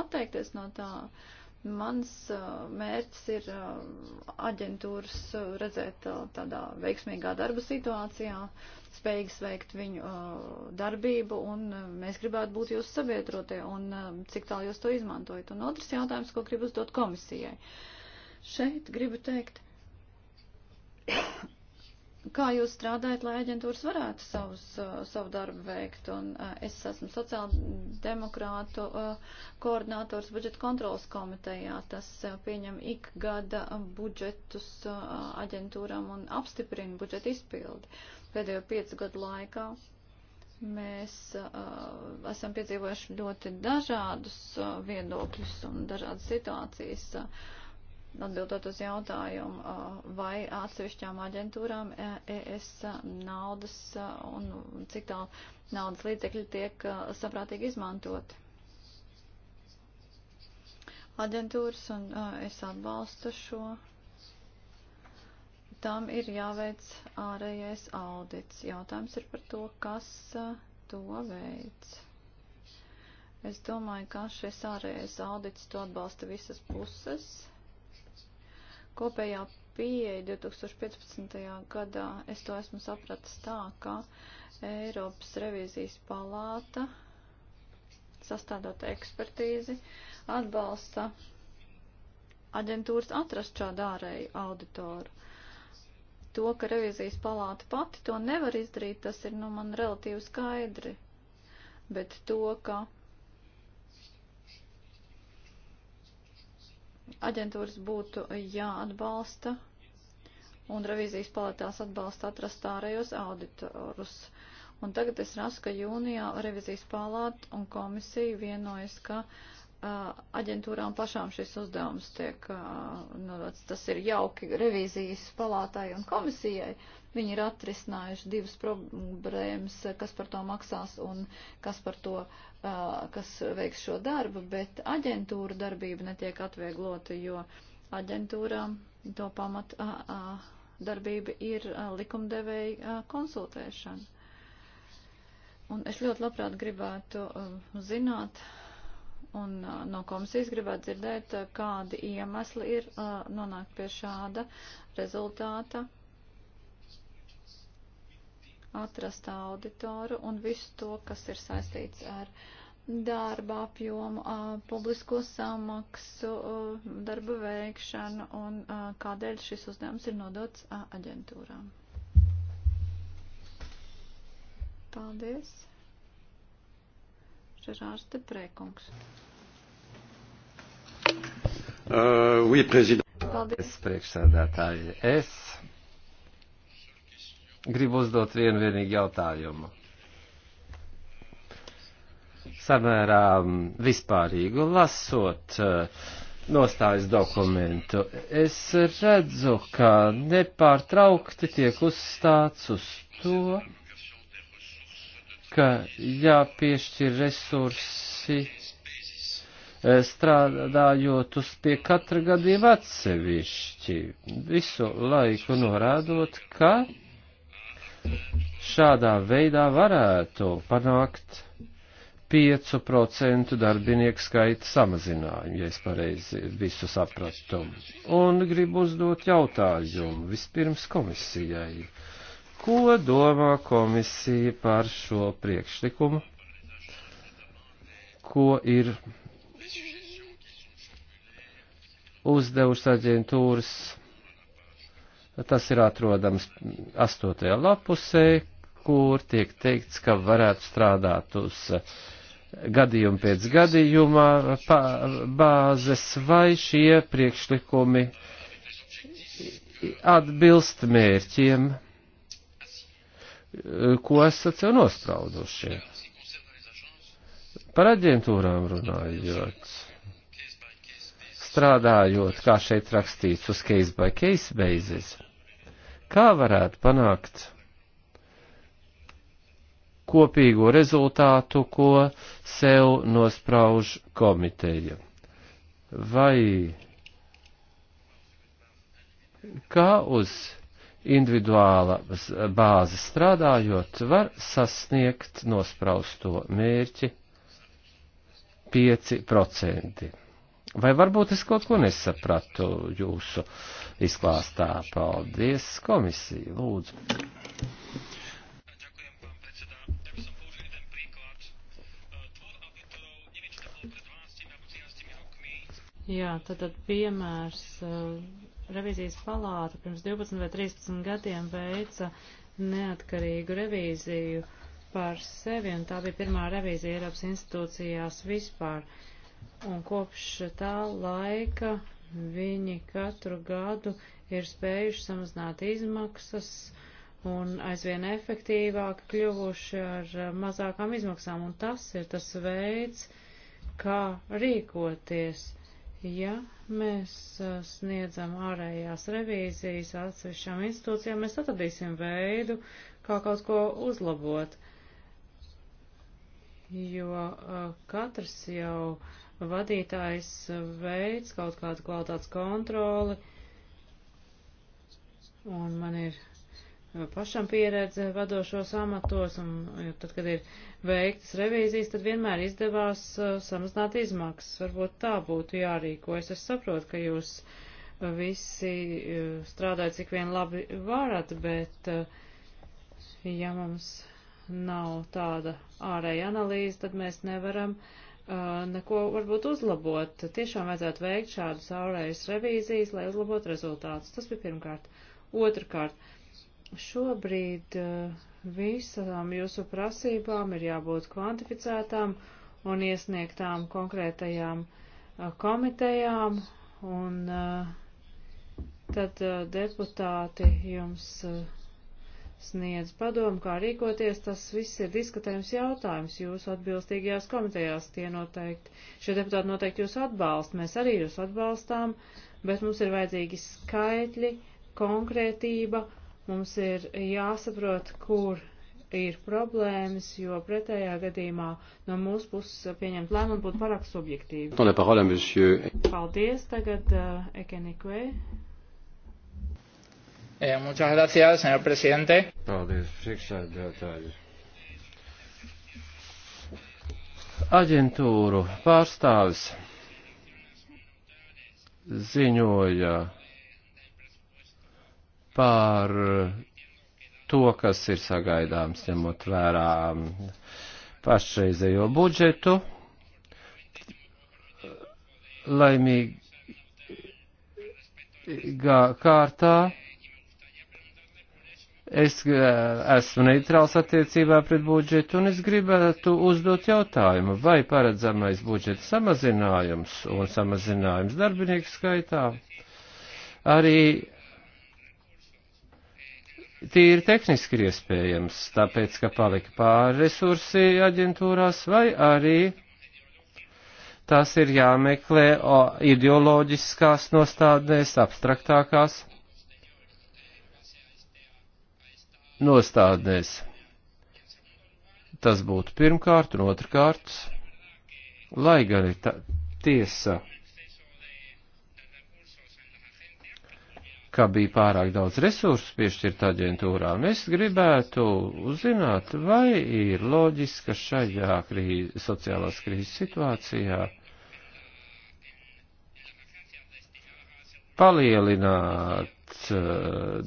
atteikties no tā. Uh, Mans mērķis ir aģentūras redzēt tādā veiksmīgā darba situācijā, spējīgas veikt viņu darbību, un mēs gribētu būt jūsu sabiedrotie, un cik tālu jūs to izmantojat. Un otrs jautājums, ko gribu uzdot komisijai. Šeit gribu teikt, kā jūs strādājat, lai aģentūras varētu savus, uh, savu darbu veikt? Un uh, es esmu sociāldemokrātu uh, koordinators budžeta kontrolas komitejā. Tas pieņem ik gada budžetus aģentūram un apstiprina budžeta izpildi. Pēdējo piecu gadu laikā mēs uh, esam piedzīvojuši ļoti dažādus uh, viedokļus un dažādas situācijas. Uh, atbildot uz jautājumu, vai atsevišķām aģentūrām ES e naudas un cik tālu naudas līdzekļi tiek saprātīgi izmantoti. Aģentūras un es atbalstu šo. Tam ir jāveic ārējais audits. Jautājums ir par to, kas to veids. Es domāju, ka šis ārējais audits to atbalsta visas puses kopējā pieeja 2015. gadā, es to esmu sapratis tā, ka Eiropas revīzijas palāta, sastādot ekspertīzi, atbalsta aģentūras atrast šādu ārēju auditoru. To, ka revīzijas palāta pati to nevar izdarīt, tas ir, nu, man relatīvi skaidri, bet to, ka aģentūras būtu jāatbalsta un revīzijas palatās atbalsta atrast ārējos auditorus. Un tagad es rasu, ka jūnijā revizijas palāta un komisija vienojas, ka uh, aģentūrām pašām šis uzdevums tiek nodots. Tas ir jauki revīzijas palātai un komisijai. Viņi ir atrisinājuši divas problēmas, kas par to maksās un kas par to, kas veiks šo darbu, bet aģentūra darbība netiek atvieglota, jo aģentūrām to pamat darbība ir likumdevēja konsultēšana. Un es ļoti labprāt gribētu zināt, Un no komisijas gribētu dzirdēt, kādi iemesli ir nonākt pie šāda rezultāta atrast auditoru un visu to, kas ir saistīts ar darba apjomu, publisko samaksu, darba veikšanu un kādēļ šis uzdevums ir nodots aģentūrām. Paldies! Žerārs Deprēkungs. Uh, oui, Paldies, priekšsēdētāji. Es gribu uzdot vienu vienīgu jautājumu. Samērā mm, vispārīgu lasot uh, nostājas dokumentu, es redzu, ka nepārtraukti tiek uzstāts uz to, ka jāpiešķir resursi e, strādājot uz pie katra gadījuma atsevišķi, visu laiku norādot, ka šādā veidā varētu panākt 5% darbinieku skaita samazinājumu, ja es pareizi visu sapratu. Un gribu uzdot jautājumu vispirms komisijai. Uh, Ko domā komisija par šo priekšlikumu? Ko ir uzdevušas aģentūras? Tas ir atrodams 8. lapusē, kur tiek teikts, ka varētu strādāt uz gadījumu pēc gadījuma bāzes, vai šie priekšlikumi atbilst mērķiem ko esat jau nostrauduši. Par aģentūrām runājot, strādājot, kā šeit rakstīts, uz case by case basis, kā varētu panākt kopīgo rezultātu, ko sev nosprauž komiteja. Vai kā uz individuāla bāze strādājot, var sasniegt nospraustu mērķi 5%. Vai varbūt es kaut ko nesapratu jūsu izklāstā? Paldies, komisija, lūdzu. Jā, tad, tad piemērs uh, Revizijas palāta pirms 12 vai 13 gadiem veica neatkarīgu revīziju par sevi, un tā bija pirmā revīzija Eiropas institūcijās vispār. Un kopš tā laika viņi katru gadu ir spējuši samazināt izmaksas un aizvien efektīvāk kļuvuši ar eh, mazākām izmaksām, un tas ir tas veids, kā rīkoties. Ja mēs uh, sniedzam ārējās revīzijas atsevišķām institūcijām, mēs atradīsim veidu, kā kaut ko uzlabot, jo uh, katrs jau vadītājs veids kaut kādu kvalitātes kontroli, un man ir pašam pieredze vadošos amatos, un tad, kad ir veiktas revīzijas, tad vienmēr izdevās uh, samazināt izmaksas. Varbūt tā būtu jārīkojas. Es saprotu, ka jūs uh, visi uh, strādājat, cik vien labi varat, bet ja mums nav tāda ārēja analīze, tad mēs nevaram neko varbūt uzlabot. Tiešām vajadzētu veikt šādus ārējas revīzijas, lai uzlabotu rezultātus. Tas bija pirmkārt. Otrakārt, uh, Šobrīd eh, visām jūsu prasībām ir jābūt kvantificētām un iesniegtām konkrētajām eh, komitejām, un eh, tad deputāti jums sniedz padomu, kā rīkoties, tas viss ir diskutējums jautājums jūsu atbilstīgajās komitejās. Tie noteikti, šie deputāti noteikti jūs atbalsta, mēs arī jūs atbalstām, bet mums ir vajadzīgi skaitļi, konkrētība Mums ir jāsaprot, kur ir problēmas, jo pretējā gadījumā no mūsu puses pieņemt lēmumu būtu pārāk subjektīvi. E- Paldies, tagad uh, Ekenikvei. Eh, muchas gracias, señor presidente. Paldies, priekšsēdētāji. Aģentūru pārstāvis ziņoja par eh, to, kas ir sagaidāms, ņemot vērā mm, pašreizējo budžetu. Laimīgā kārtā es eh, esmu neitrāls attiecībā pret budžetu un es gribētu uzdot jautājumu, vai paredzamais budžeta samazinājums un samazinājums darbinieku skaitā arī tīri tehniski ir iespējams, tāpēc, ka palika pāri resursi aģentūrās vai arī tās ir jāmeklē ideoloģiskās nostādnēs, abstraktākās nostādnēs. Tas būtu pirmkārt un otrkārt, lai gan ir tā tiesa ka bija pārāk daudz resursu piešķirt aģentūrām. Es gribētu uzzināt, vai ir loģiska šajā krīze, sociālās krīzes situācijā palielināt eh,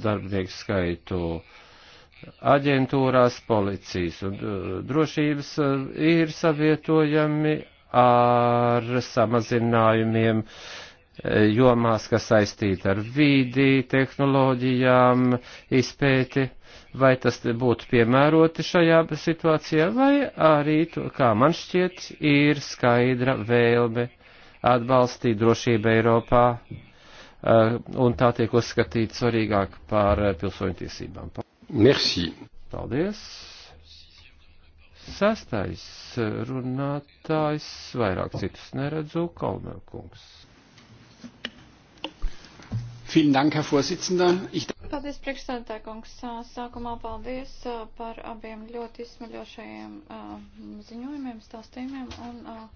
darbinieku skaitu aģentūrās, policijas un eh, drošības eh, ir savietojami ar samazinājumiem uh, jomās, kas saistīta ar vīdi, tehnoloģijām, izpēti, vai tas būtu piemēroti šajā situācijā, vai arī, kā man šķiet, ir skaidra vēlme atbalstīt drošību Eiropā, eh, un tā tiek uzskatīta svarīgāk par pilsoņu tiesībām. Merci. Paldies. Sastais runātājs, vairāk citus neredzu, Kalmēkungs. Vielen Dank, Herr Vorsitzender. Ich paldies, priekšsēdētāj kungs. Sākumā paldies par abiem ļoti izsmeļošajiem ziņojumiem, stāstījumiem. Un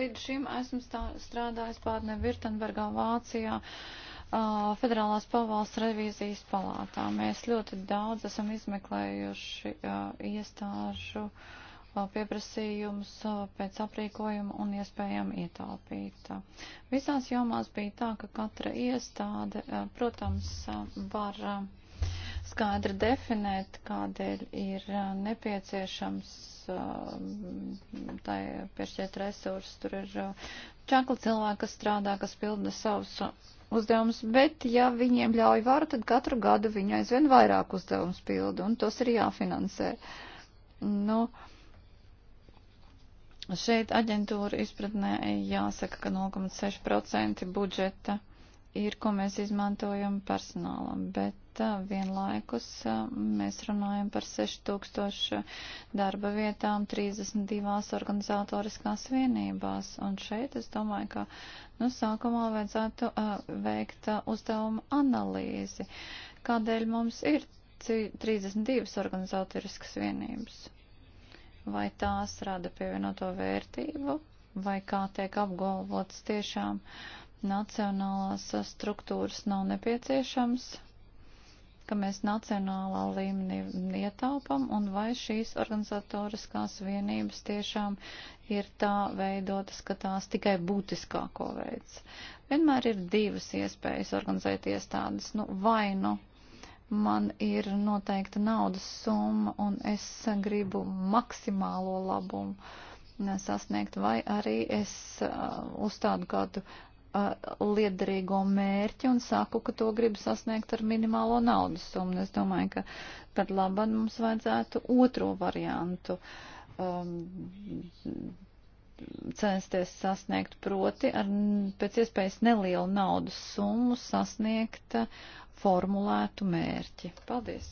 līdz šim esmu strādājis pārne Virtenbergā, Vācijā. Federālās pavalsts revīzijas palātā. Mēs ļoti daudz esam izmeklējuši iestāžu uh, pieprasījums pēc aprīkojuma un iespējām ietaupīt. Visās jomās bija tā, ka katra iestāde, protams, var skaidri definēt, kādēļ ir nepieciešams tai piešķiet resursus. Tur ir čakli cilvēki, kas strādā, kas pilda savus uzdevumus, bet ja viņiem ļauj varu, tad katru gadu viņi aizvien vairāk uzdevumus pilda, un tos ir jāfinansē. Nu, uh, Šeit aģentūra izpratnē jāsaka, ka 0,6% budžeta ir, ko mēs izmantojam personālam, bet vienlaikus mēs runājam par 6000 darba vietām 32 organizatoriskās vienībās. Un šeit es domāju, ka nu, sākumā vajadzētu uh, veikt uh, uzdevuma analīzi, kādēļ mums ir 32 organizatoriskas vienības vai tās rada pievienoto vērtību, vai kā tiek apgalvots tiešām nacionālās struktūras nav nepieciešams, ka mēs nacionālā līmenī ietaupam un vai šīs organizatoriskās vienības tiešām ir tā veidotas, ka tās tikai būtiskāko veids. Vienmēr ir divas iespējas organizēt iestādes, nu vai nu man ir noteikta naudas summa un es gribu maksimālo labumu sasniegt, vai arī es uh, uzstādu kādu uh, liederīgo mērķi un saku, ka to gribu sasniegt ar minimālo naudas summu. Es domāju, ka tad labāk mums vajadzētu otro variantu. Um, censties sasniegt, proti ar pēc iespējas nelielu naudas summu sasniegt uh, formulētu mērķi. Paldies!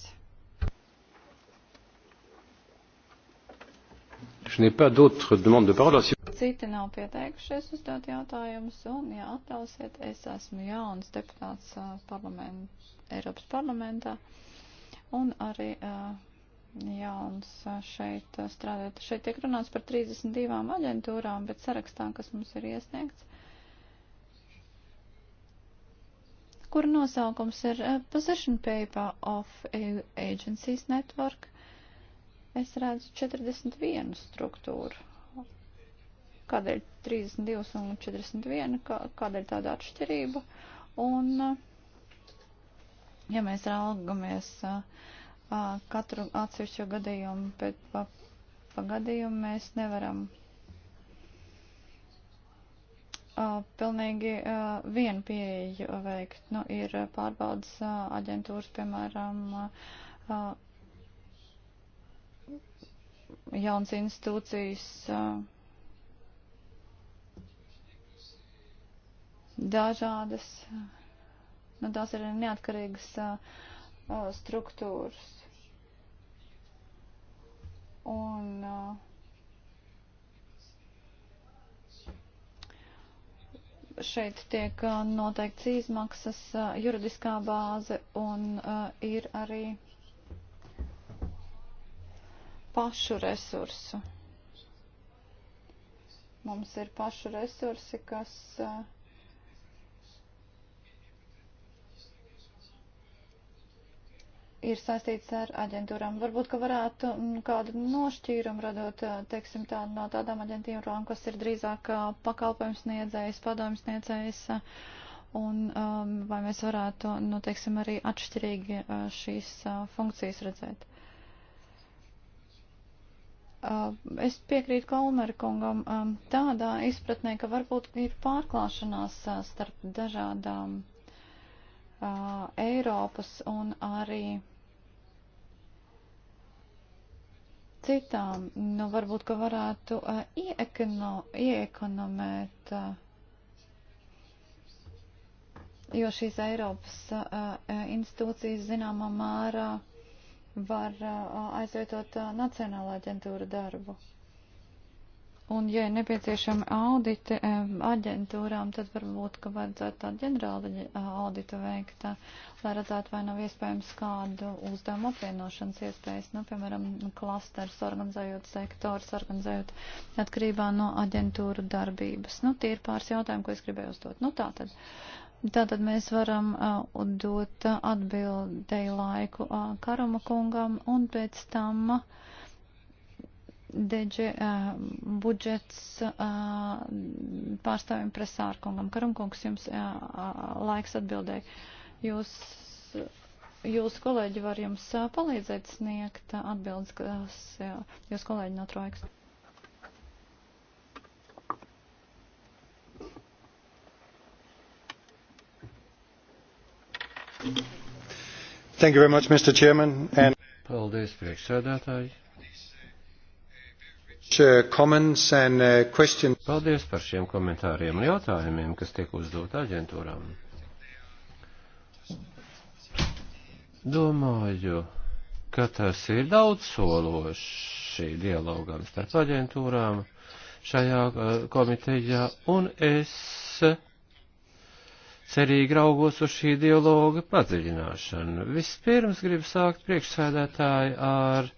Citi nav pieteikušies uzdot jautājumus, un, ja atļausiet, es esmu jauns deputāts uh, parlament, Eiropas parlamentā, un arī uh, jauns šeit uh, strādāt. Šeit tiek runāts par 32 aģentūrām, bet sarakstā, kas mums ir iesniegts, kur nosaukums ir uh, Position Paper of Agencies Network, es redzu 41 struktūru. Kādēļ 32 un 41, kādēļ tāda atšķirība? Un, uh, ja mēs raugamies uh, katru atsevišķo gadījumu, bet pa, pa gadījumu mēs nevaram pilnīgi vienu pieeju veikt. Nu, ir pārbaudas aģentūras, piemēram, jauns institūcijas. Dažādas, nu, tās ir neatkarīgas uh, struktūras. Un šeit tiek noteikts izmaksas, juridiskā bāze un ir arī pašu resursu. Mums ir pašu resursi, kas uh, ir saistīts ar aģentūrām. Varbūt, ka varētu mm, kādu nošķīrumu radot, teiksim, tā, no tādām aģentūrām, kas ir drīzāk pakalpojums sniedzējs, padomjas sniedzējs, un vai mēs varētu, nu, teiksim, arī atšķirīgi šīs funkcijas redzēt. Es piekrītu Kolmerkungam tādā izpratnē, ka varbūt ir pārklāšanās starp dažādām Ā, Eiropas un arī citām, nu varbūt, ka varētu uh, eh, iekno, iekonomēt, uh, eh, jo šīs Eiropas uh, institūcijas zināmā mērā var uh, aizvietot uh, Nacionālā aģentūra darbu. Un, ja ir nepieciešami auditi aģentūrām, tad varbūt, ka vajadzētu tādu ģenerālu auditu veikt, lai redzētu, vai nav iespējams kādu uzdevumu apvienošanas iespējas, nu, piemēram, klasters organizējot sektors, organizējot atkarībā no aģentūru darbības. Nu, tie ir pāris jautājumi, ko es gribēju uzdot. Nu, tā tad. Tātad mēs varam uh, dot atbildēju laiku uh, Karama kungam un pēc tam. Uh, Deģe uh, budžets uh, pārstāvim presārkungam. Karumkungs jums uh, laiks atbildēja. Jūs, jūs kolēģi var jums uh, palīdzēt sniegt uh, atbildes, kas uh, jūs kolēģi no Troikas. Thank you very much, Mr. Chairman. And... Paldies, priekšsēdētāji. Uh, uh, Paldies par šiem komentāriem un jautājumiem, kas tiek uzdot aģentūrām. Domāju, ka tas ir daudz sološi dialogam starp aģentūrām šajā uh, komitejā, un es cerīgi raugos uz šī dialoga padziļināšanu. Vispirms gribu sākt priekšsēdētāji ar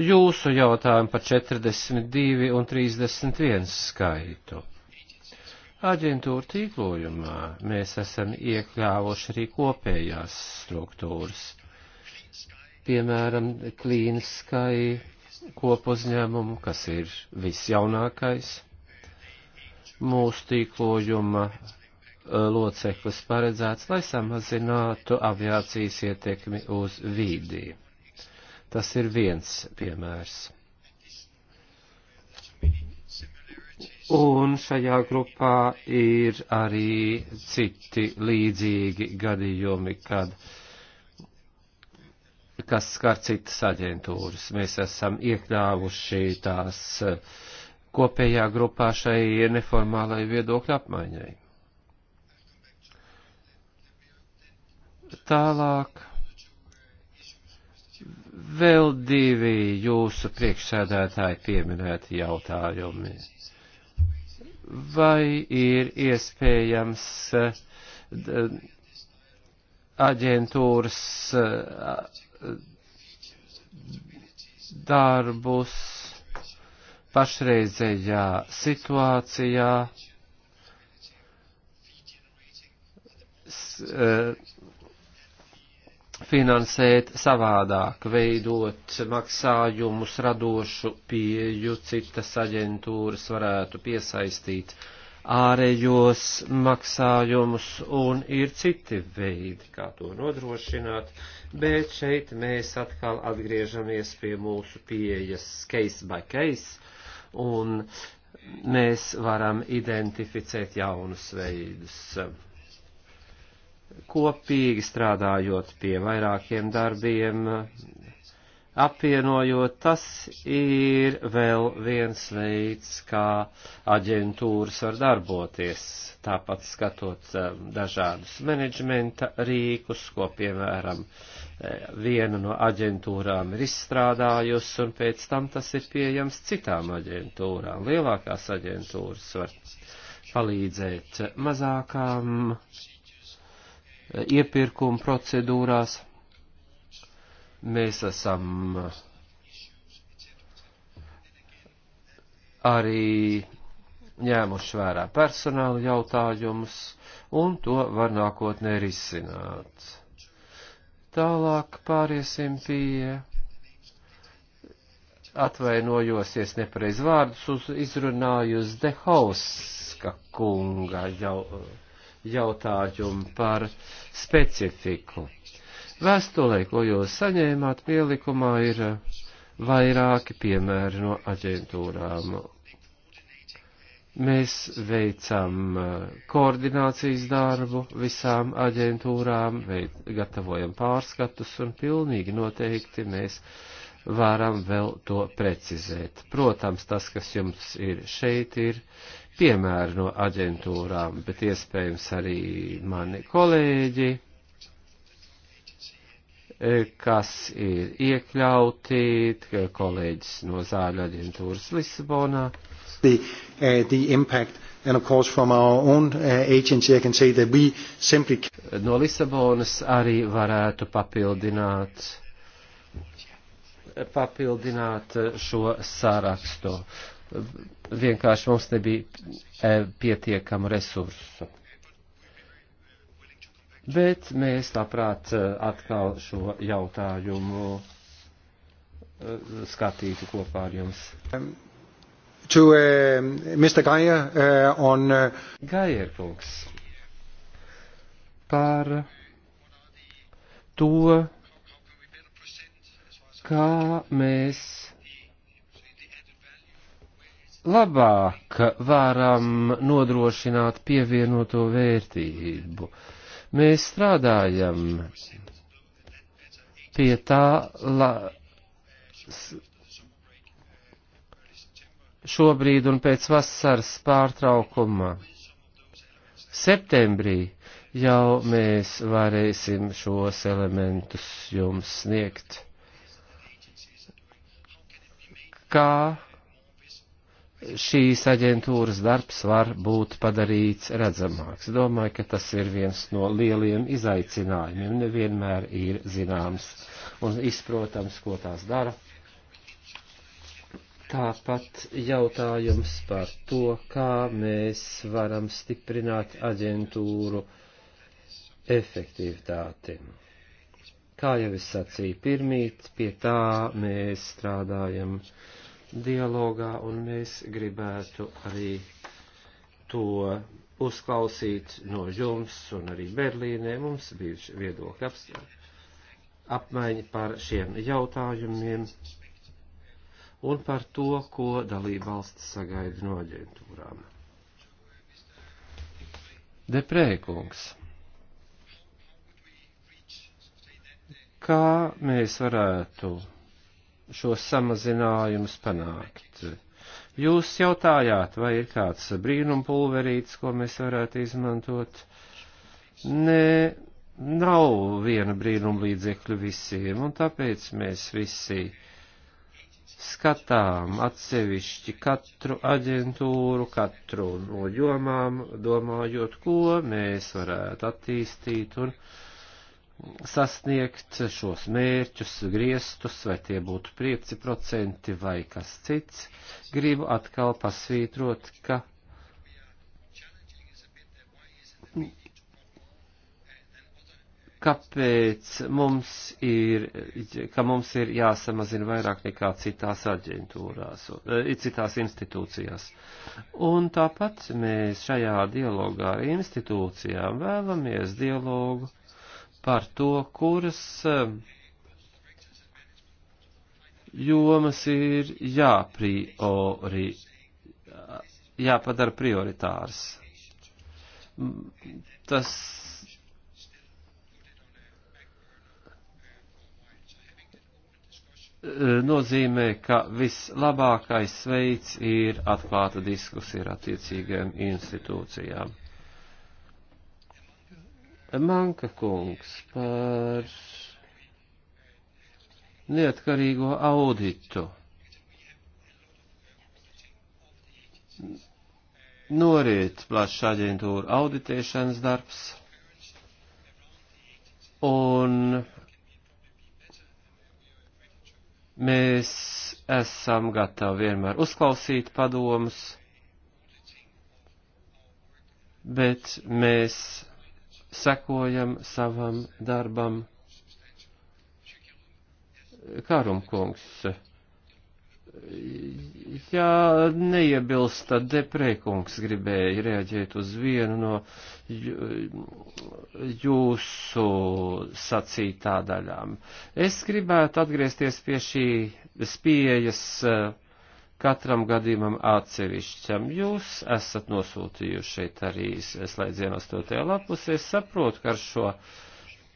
jūsu jautājumu par 42 un 31 skaitu. Aģentūra tīklojumā mēs esam iekļāvuši arī kopējās struktūras. Piemēram, klīniskai kopuzņēmumu, kas ir visjaunākais mūsu tīklojuma e, loceklis paredzēts, lai samazinātu aviācijas ietekmi uz vīdī. Tas ir viens piemērs. Un šajā grupā ir arī citi līdzīgi gadījumi, kad, kas skar citas aģentūras. Mēs esam iekļāvuši tās eh, kopējā grupā šai neformālai viedokļa apmaiņai. Tālāk Vēl divi jūsu priekšsēdētāji pieminēti jautājumi. Vai ir iespējams eh, aģentūras eh, darbus pašreizējā situācijā eh, finansēt savādāk, veidot maksājumus radošu pieju, citas aģentūras varētu piesaistīt ārējos maksājumus un ir citi veidi, kā to nodrošināt, bet šeit mēs atkal atgriežamies pie mūsu pieejas case by case un mēs varam identificēt jaunus veidus kopīgi strādājot pie vairākiem darbiem, apvienojot, tas ir vēl viens veids, kā aģentūras var darboties. Tāpat skatot eh, dažādus menedžmenta rīkus, ko piemēram eh, viena no aģentūrām ir izstrādājusi, un pēc tam tas ir pieejams citām aģentūrām. Lielākās aģentūras var palīdzēt mazākām iepirkuma procedūrās. Mēs esam uh, arī ņēmuši vērā personāla jautājumus, un to var nākotnē risināt. Tālāk pāriesim pie atvainojos, es nepareiz vārdus uz, izrunāju uz Dehauska kunga jau jautājumu par specifiku. Vēstulē, ko jūs saņēmāt pielikumā, ir vairāki piemēri no aģentūrām. Mēs veicam uh, koordinācijas darbu visām aģentūrām, veid, gatavojam pārskatus un pilnīgi noteikti mēs varam vēl to precizēt. Protams, tas, kas jums ir šeit, ir piemēri no aģentūrām, bet iespējams arī mani kolēģi, e, kas ir iekļauti, e, kolēģis no zāļu aģentūras Lisabonā. The, uh, the impact and of course from our own uh, agency I can say that we simply no Lisabonas arī varētu papildināt papildināt šo sarakstu vienkārši mums nebija eh, pietiekamu resursu. Bet mēs labprāt eh, atkal šo jautājumu eh, skatītu kopā ar jums. Um, to uh, Mr. Gaia uh, on. Uh... Gaia kungs par to, kā mēs labāk varam nodrošināt pievienoto vērtību. Mēs strādājam pie tā, la, šobrīd un pēc vasaras pārtraukuma. Septembrī jau mēs varēsim šos elementus jums sniegt. Kā šīs aģentūras darbs var būt padarīts redzamāks. Domāju, ka tas ir viens no lieliem izaicinājumiem. Nevienmēr ir zināms un izprotams, ko tās dara. Tāpat jautājums par to, kā mēs varam stiprināt aģentūru efektivitāti. Kā jau es sacīju pirmīt, pie tā mēs strādājam uh, dialogā, un mēs gribētu arī to uzklausīt no jums un arī Berlīnē. Mums bija viedokļa apmaiņa par šiem jautājumiem un par to, ko dalība valsts sagaida no aģentūrām. Deprēkungs. Kā mēs varētu šo samazinājumus panākt. Jūs jautājāt, vai ir kāds brīnumpulverīts, ko mēs varētu izmantot? Nē, nav viena brīnumlīdzekļu visiem, un tāpēc mēs visi skatām atsevišķi katru aģentūru, katru no jomām, domājot, ko mēs varētu attīstīt un attīstīt sasniegt šos mērķus, griestus, vai tie būtu 5% vai kas cits, gribu atkal pasvītrot, ka kāpēc mums ir, ka mums ir jāsamazina vairāk nekā citās aģentūrās, eh, citās institūcijās. Un tāpat mēs šajā dialogā ar institūcijām vēlamies dialogu par to, kuras um, jomas ir jāpriori, jāpadara prioritārs. Tas nozīmē, ka vislabākais veids ir atklāta diskusija ar attiecīgajām institūcijām. Manka kungs par neatkarīgo auditu. Noriet plašs aģentūra auditēšanas darbs un mēs esam gatavi vienmēr uzklausīt padomus, bet mēs sekojam savam darbam. Karumkungs, jā, neiebilsta deprēkungs gribēja reaģēt uz vienu no jūsu sacītā daļām. Es gribētu atgriezties pie šī spiejas uh, katram gadījumam atsevišķam. Jūs esat nosūtījuši šeit arī slēdzienu 8. lapus. Es saprotu, ka ar šo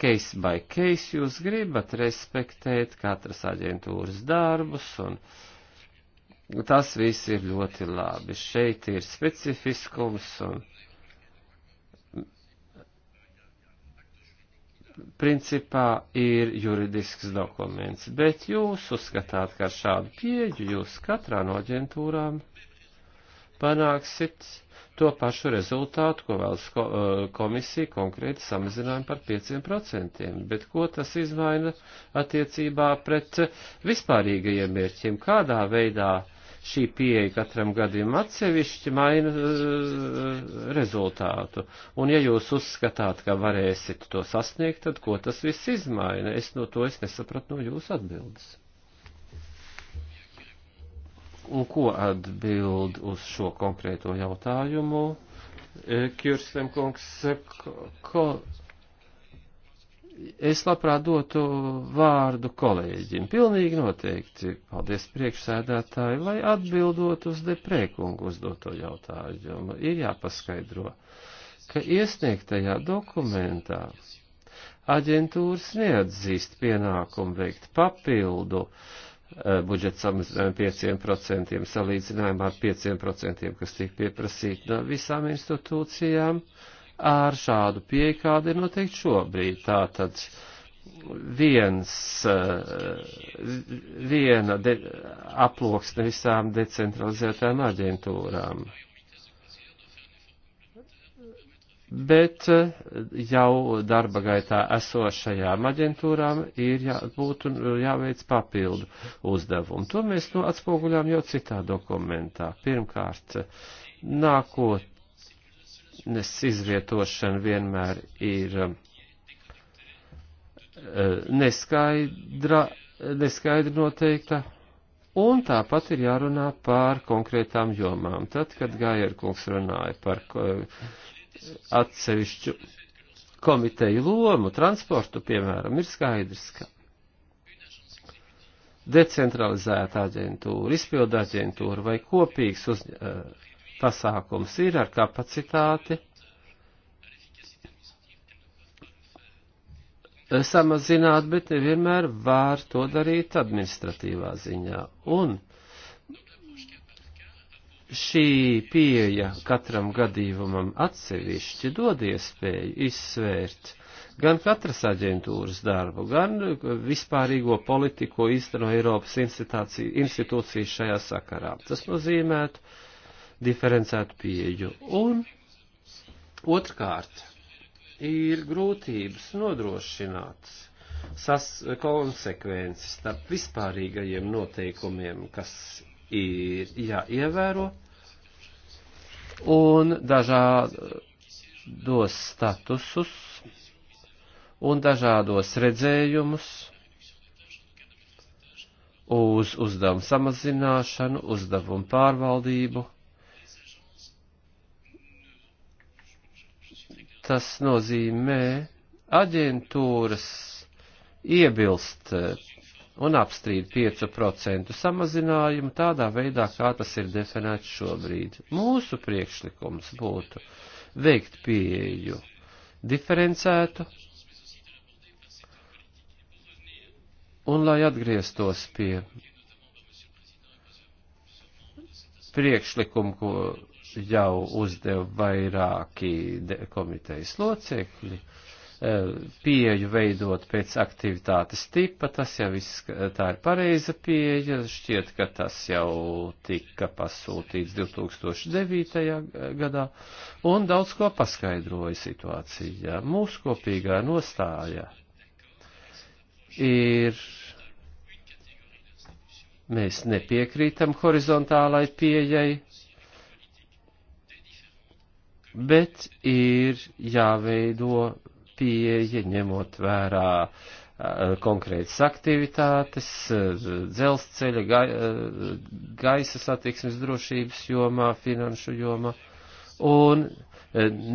case by case jūs gribat respektēt katras aģentūras darbus un tas viss ir ļoti labi. Šeit ir specifiskums un principā ir juridisks dokuments, bet jūs uzskatāt, ka ar šādu pieeju jūs katrā no aģentūrām panāksit to pašu rezultātu, ko vēlas eh, komisija konkrēti samazinājumu par 5%, bet ko tas izmaina attiecībā pret vispārīgajiem mērķiem, kādā veidā šī pieeja katram gadījumam atsevišķi maina uh, rezultātu. Un ja jūs uzskatāt, ka varēsit to sasniegt, tad ko tas viss izmaina? Es no to es nesapratu no jūsu atbildes. Un ko atbild uz šo konkrēto jautājumu? Eh, Kjurslem kungs, ko, Es labprāt dotu vārdu kolēģim, pilnīgi noteikti. Paldies priekšsēdētāji, lai atbildot uz deprēkungu uzdoto jautājumu. Ir jāpaskaidro, ka iesniegtajā dokumentā aģentūras neatzīst pienākumu veikt papildu eh, budžets samazinājumu eh, 5% salīdzinājumā ar 5%, kas tiek pieprasīti no visām institūcijām. Uh, ar šādu pieeju, kāda ir noteikti šobrīd. Tātad viens, eh, viena de, aploksne visām decentralizētām aģentūrām. Bet eh, jau darba gaitā esošajām aģentūrām ir jābūt un jāveic papildu uzdevumu. To mēs nu atspoguļām jau citā dokumentā. Pirmkārt, nākot izvietošana vienmēr ir um, uh, neskaidra, neskaidri noteikta, un tāpat ir jārunā pār konkrētām jomām. Tad, kad Gajerkungs runāja par atsevišķu komiteju lomu, transportu, piemēram, ir skaidrs, ka decentralizēta aģentūra, izpildu aģentūra vai kopīgs uzņēmums, uh, pasākums ir ar kapacitāti samazināt, bet nevienmēr var to darīt administratīvā ziņā. Un šī pieeja katram gadījumam atsevišķi dod iespēju izsvērt gan katras aģentūras darbu, gan vispārīgo politiku, ko īsteno Eiropas institūcijas šajā sakarā. Tas nozīmētu, diferencētu pieeju. Un otrkārt, ir grūtības nodrošināt sas konsekvences starp vispārīgajiem noteikumiem, kas ir jāievēro, un dažādos statusus un dažādos redzējumus uz uzdevumu samazināšanu, uzdevumu pārvaldību Tas nozīmē aģentūras iebilst un apstrīd 5% samazinājumu tādā veidā, kā tas ir definēts šobrīd. Mūsu priekšlikums būtu veikt pieeju diferencētu un lai atgrieztos pie priekšlikumu, ko jau uzdeva vairāki komitejas locekļi e, pieju veidot pēc aktivitātes tipa, tas jau viss, tā ir pareiza pieeja, šķiet, ka tas jau tika pasūtīts 2009. gadā, un daudz ko paskaidroja situācija. Mūsu kopīgā nostāja ir, mēs nepiekrītam horizontālai pieejai, bet ir jāveido pieeja ņemot vērā konkrētas aktivitātes, dzelzceļa, ga, gaisa satiksmes drošības jomā, finanšu jomā un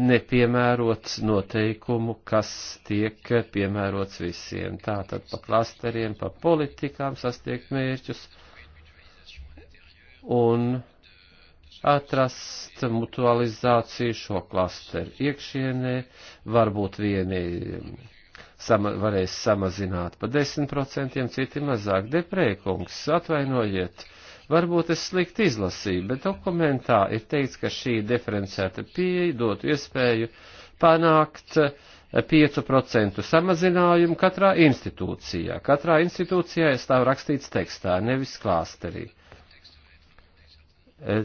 nepiemērot noteikumu, kas tiek piemērots visiem. Tātad pa klasteriem, pa politikām sastiekt mērķus un atrast mutualizāciju šo klasteru iekšienē, varbūt vieni sama, varēs samazināt pa 10%, citi mazāk. Deprēkungs, atvainojiet, varbūt es slikti izlasīju, bet dokumentā ir teikts, ka šī diferencēta pieeja dotu iespēju panākt 5% samazinājumu katrā institūcijā. Katrā institūcijā es tā rakstīts tekstā, nevis klāsterī. E,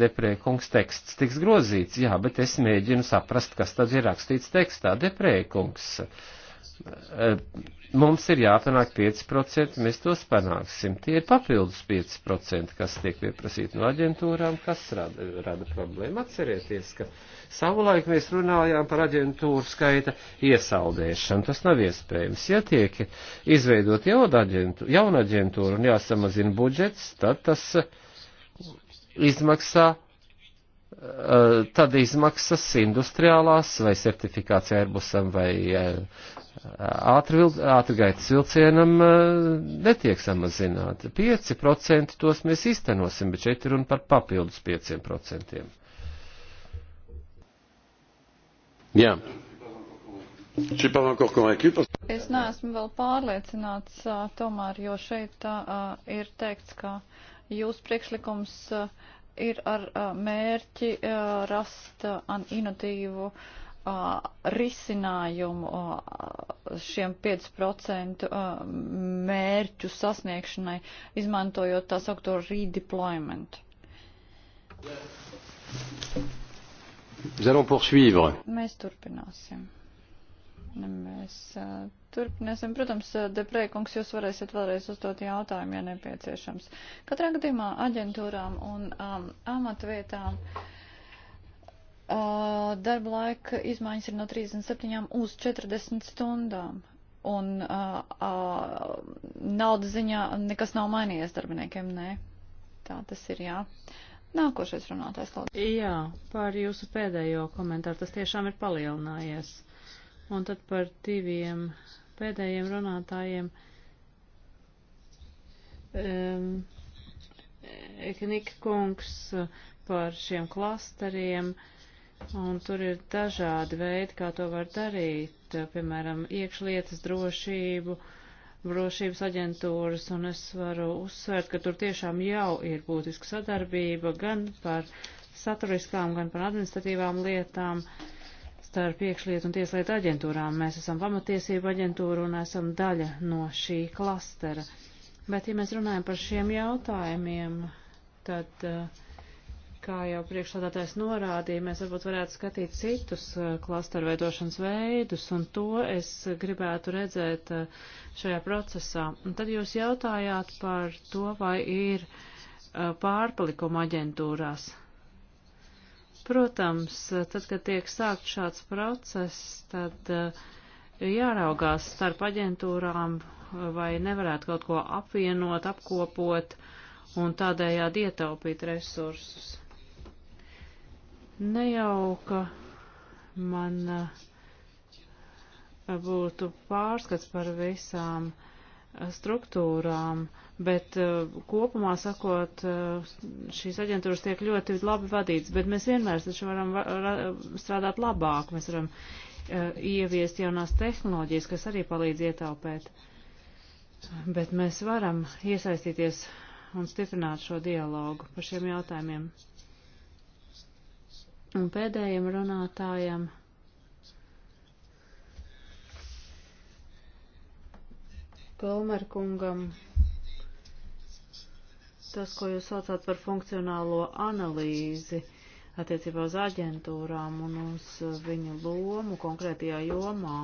deprēkungs teksts tiks grozīts, jā, bet es mēģinu saprast, kas tad ir rakstīts tekstā. Deprēkungs, e, mums ir jāpanāk 5%, mēs tos panāksim. Tie ir papildus 5%, kas tiek pieprasīti no aģentūrām, kas rada, rada problēmu. Atcerieties, ka savulaik mēs runājām par aģentūru skaita iesaldēšanu. Tas nav iespējams. Ja tiek izveidot jauna aģentūra, jauna aģentūra un jāsamazina budžets, tad tas. Uh, izmaksā, eh, tad izmaksas industriālās vai certifikācija Airbusam vai eh, ātrgaitas vilcienam eh, netiek samazināta. 5% tos mēs iztenosim, bet šeit ir runa par papildus 5%. Jā. Es neesmu vēl pārliecināts, tomēr, jo šeit ir teikts, ka. Uh, Jūsu priekšlikums eh, ir ar eh, mērķi eh, rast inovatīvu risinājumu šiem 5% mērķu sasniegšanai, izmantojot tā saukto redeployment. Mēs turpināsim. Nu, mēs turpināsim. Protams, Deprēkungs, jūs varēsiet vēlreiz uzdot jautājumu, ja nepieciešams. Katrā gadījumā aģentūrām un um, amatvietām uh, darba laika izmaiņas ir no 37 uz 40 stundām. Un uh, uh, naudas ziņā nekas nav mainījies darbiniekiem, nē. Tā tas ir, jā. Nākošais runātājs, lūdzu. Jā, par jūsu pēdējo komentāru tas tiešām ir palielinājies Un tad par diviem pēdējiem runātājiem. Um, Eknika kungs eh, par šiem klasteriem, un tur ir dažādi veidi, kā to var darīt, eh, piemēram, iekšlietas drošību, drošības aģentūras, un es varu uzsvērt, ka tur tiešām jau ir būtiska sadarbība gan par saturiskām, gan par administratīvām lietām. Uh, starp iekšlietu un tieslietu aģentūrām. Mēs esam pamatiesība aģentūra un esam daļa no šī klastera. Bet, ja mēs runājam par šiem jautājumiem, tad, eh, kā jau priekšstādātais norādīja, mēs varbūt varētu skatīt citus eh, klasteru veidošanas veidus, un to es gribētu redzēt eh, šajā procesā. Un tad jūs jautājāt par to, vai ir pārpalikuma aģentūrās. Protams, tad, kad tiek sākt šāds process, tad eh, jāraugās starp aģentūrām, eh, vai nevarētu kaut ko apvienot, apkopot un tādējādi ietaupīt resursus. Nejauka man eh, būtu pārskats par visām struktūrām. Uh, bet uh, kopumā sakot, uh, šīs aģentūras tiek ļoti labi vadītas, bet mēs vienmēr taču varam va strādāt labāk, mēs varam uh, ieviest jaunās tehnoloģijas, kas arī palīdz ietaupēt. Bet mēs varam iesaistīties un stiprināt šo dialogu par šiem jautājumiem. Un pēdējiem runātājiem. Kalmerkungam. kungam tas, ko jūs saucāt par funkcionālo analīzi attiecībā uz aģentūrām un uz uh, viņu lomu konkrētajā jomā.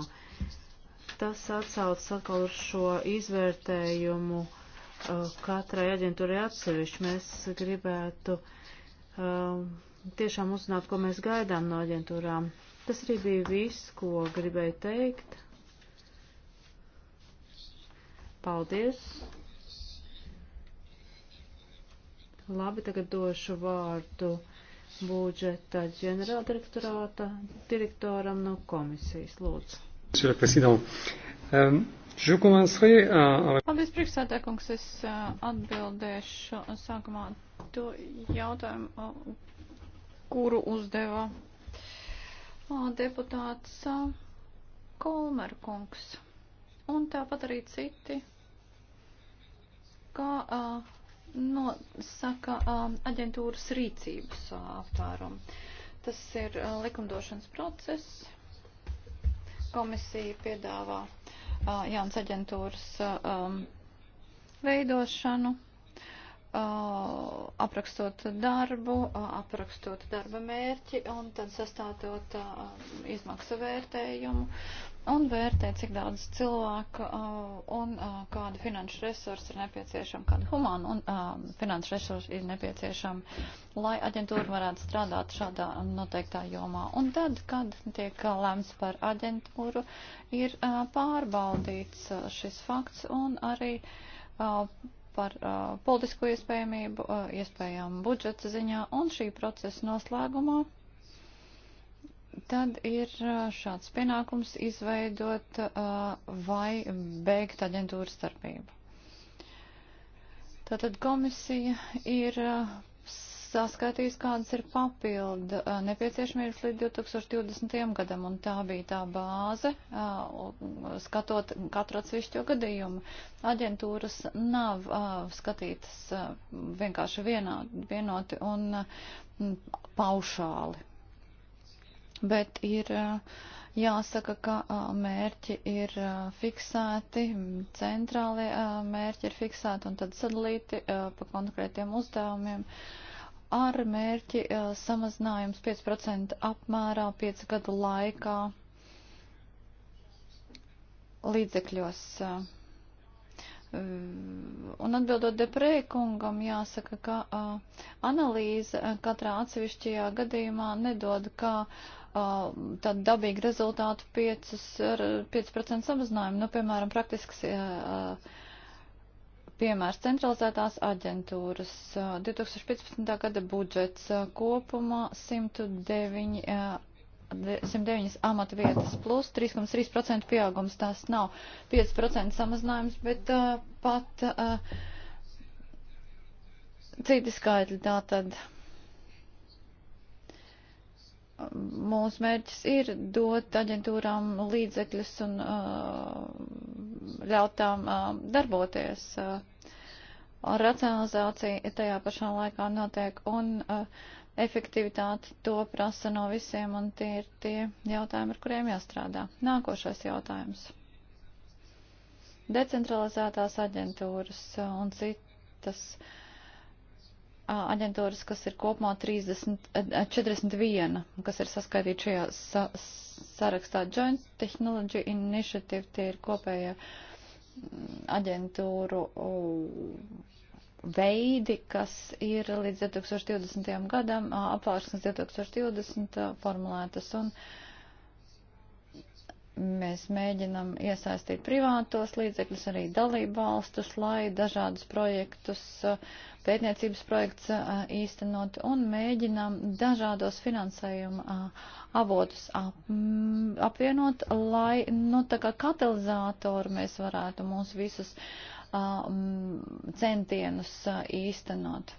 Tas atsaucas atkal uz šo izvērtējumu uh, katrai aģentūrai atsevišķi. Mēs gribētu um, tiešām uzzināt, ko mēs gaidām no aģentūrām. Tas arī bija viss, ko gribēju teikt. Paldies! Labi, tagad došu vārdu budžeta ģenerāldirektorāta direktoram no komisijas. Lūdzu. Euh, Paldies, priekšsēdē, kungs. Es uh, atbildēšu sākumā to jautājumu, uh, kuru uzdeva uh, deputāts Kolmerkungs. Un tāpat arī citi, kā uh, nosaka um, aģentūras rīcības uh, aptvērumu. Tas ir uh, likumdošanas process. Komisija piedāvā uh, jauns aģentūras um, veidošanu, aprakstot darbu, aprakstot darba mērķi un tad sastādot izmaksu vērtējumu un vērtē, cik daudz cilvēku uh, un uh, kādu finanšu resursu ir nepieciešama, kādu humānu un uh, finanšu resursu ir nepieciešama, lai aģentūra varētu strādāt šādā noteiktā jomā. Un tad, kad tiek uh, lēmts par aģentūru, ir uh, pārbaudīts uh, šis fakts un arī uh, par uh, politisko iespējamību, uh, iespējamu budžeta ziņā un šī procesa noslēgumā. Uh, tad ir šāds pienākums izveidot vai beigt aģentūras starpību. Tātad komisija ir saskaitījis, kādas ir papildu nepieciešamības līdz 2020. gadam, un tā bija tā bāze, skatot katru atsevišķo gadījumu. Aģentūras nav skatītas vienkārši vienā, vienoti un paušāli bet ir jāsaka, ka mērķi ir fiksēti, centrālie mērķi ir fiksēti un tad sadalīti pa konkrētiem uzdevumiem ar mērķi samazinājums 5% apmērā 5 gadu laikā līdzekļos. Un atbildot deprēkungam, jāsaka, ka analīze katrā atsevišķajā gadījumā nedod kā uh, tad dabīgi rezultātu 5%, 5 samazinājumu. Nu, piemēram, praktisks piemērs centralizētās aģentūras. 2015. gada budžets kopumā 109, 109 amata vietas plus 3,3% pieaugums. Tas nav 5% samazinājums, bet pat citi skaitļi tā tad mūsu mērķis ir dot aģentūrām līdzekļus un uh, ļaut tām uh, darboties. Uh, racionalizācija tajā pašā laikā notiek un uh, efektivitāte to prasa no visiem un tie ir tie jautājumi, ar kuriem jāstrādā. Nākošais jautājums. Decentralizētās aģentūras un citas. Uh, aģentūras, kas ir kopumā 30, 41, kas ir saskaitīti šajā sa sarakstā. Joint Technology Initiative tie ir kopēja mm, aģentūru veidi, kas ir līdz 2020. gadam, apvāršanas 2020 formulētas un uh, Mēs mēģinam iesaistīt privātos līdzekļus, arī dalību valstus, lai dažādus projektus, eh, pētniecības projekts eh, īstenot un mēģinam dažādos finansējuma eh, avotus mm, apvienot, lai, nu, tā kā katalizātoru mēs varētu mūsu visus mm, centienus īstenot.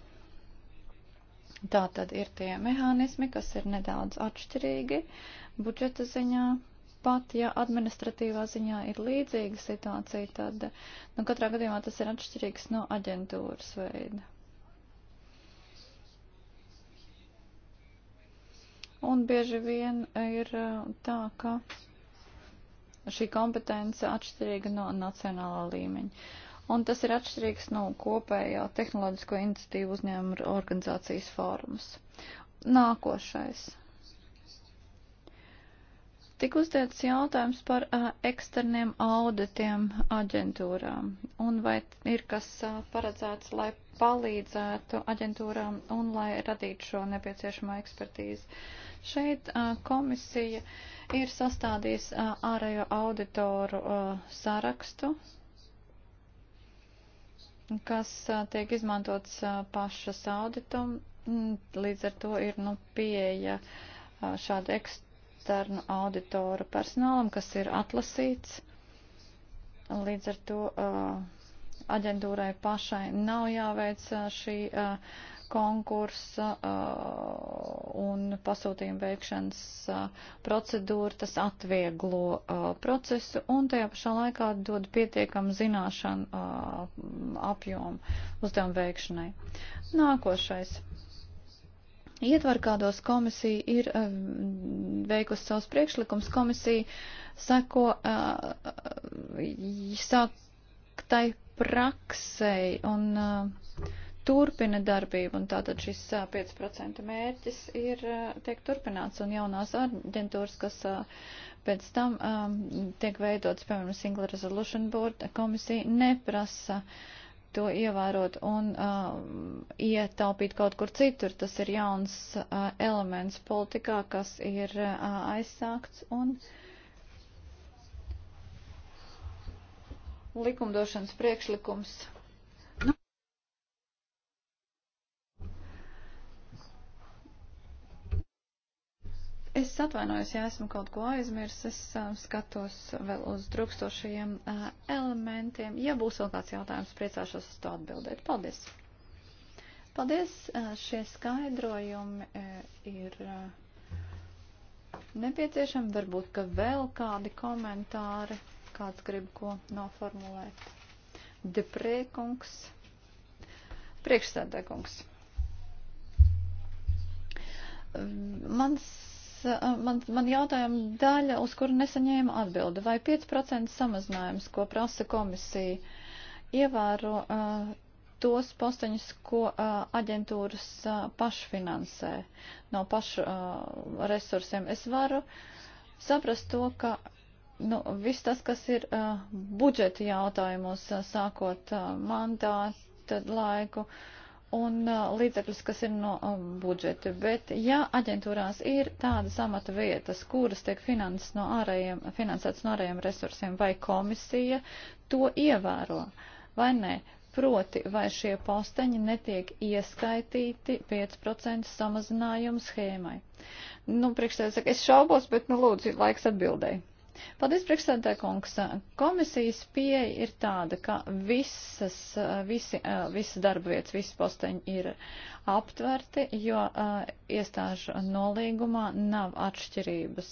Tā tad ir tie mehānismi, kas ir nedaudz atšķirīgi budžeta ziņā pat ja administratīvā ziņā ir līdzīga situācija, tad nu, katrā gadījumā tas ir atšķirīgs no aģentūras veida. Un bieži vien ir uh, tā, ka šī kompetence atšķirīga no nacionālā līmeņa. Un tas ir atšķirīgs no kopējā tehnoloģisko iniciatīvu uzņēmuma organizācijas formas. Nākošais Tik uzdots jautājums par uh, eksterniem auditiem aģentūrām un vai ir kas uh, paredzēts, lai palīdzētu aģentūrām un lai radītu šo nepieciešamo ekspertīzi. Šeit uh, komisija ir sastādījis uh, ārējo auditoru uh, sarakstu, kas uh, tiek izmantots uh, pašas auditum, līdz ar to ir nu, pieeja uh, šāda ekst eksternu auditoru personālam, kas ir atlasīts. Līdz ar to uh, aģentūrai pašai nav jāveic uh, šī uh, konkursa un pasūtījuma veikšanas procedūra, tas atvieglo procesu un tajā pašā laikā dod pietiekam zināšanu apjomu uzdevumu veikšanai. Nākošais ietvar, kādos komisija ir eh, veikusi savus priekšlikums, komisija seko eh, sāktai praksei un eh, turpina darbību, un tātad šis 5% mērķis ir, tiek turpināts, un jaunās aģentūras, kas pēc tam tiek veidotas, piemēram, Single Resolution Board, komisija neprasa uh, to ievērot un uh, ietaupīt kaut kur citur. Tas ir jauns uh, elements politikā, kas ir uh, aizsākts un likumdošanas priekšlikums Es atvainojos, ja esmu kaut ko aizmirsis, skatos vēl uz drukstošajiem elementiem. Ja būs vēl kāds jautājums, priecāšos uz to atbildēt. Paldies! Paldies! Šie skaidrojumi ir nepieciešami. Varbūt, ka vēl kādi komentāri, kāds grib ko noformulēt. Deprēkungs, priekšsēdēkungs. Mans Uh, man, man jautājuma daļa, uz kuru nesaņēma atbildi. Vai 5% samazinājums, ko prasa komisija, ievēro uh, tos posteņus, ko uh, aģentūras uh, pašfinansē no pašu uh, resursiem? Es varu saprast to, ka nu, viss tas, kas ir uh, budžeta jautājumos, uh, sākot uh, mandātu laiku, uh, un uh, līdzekļus, kas ir no um, budžeta. Bet ja aģentūrās ir tādas amata vietas, kuras tiek no ārējiem, finansētas no ārējiem resursiem, vai komisija to ievēro vai nē? Proti, vai šie posteņi netiek ieskaitīti 5% samazinājumu schēmai? Nu, priekšstādā saka, es šaubos, bet, nu, lūdzu, laiks atbildēji. Paldies, priekšsēdētā kungs. Komisijas pieeja ir tāda, ka visas, visi, visas darba vietas, visi posteņi ir aptverti, jo uh, iestāžu nolīgumā nav atšķirības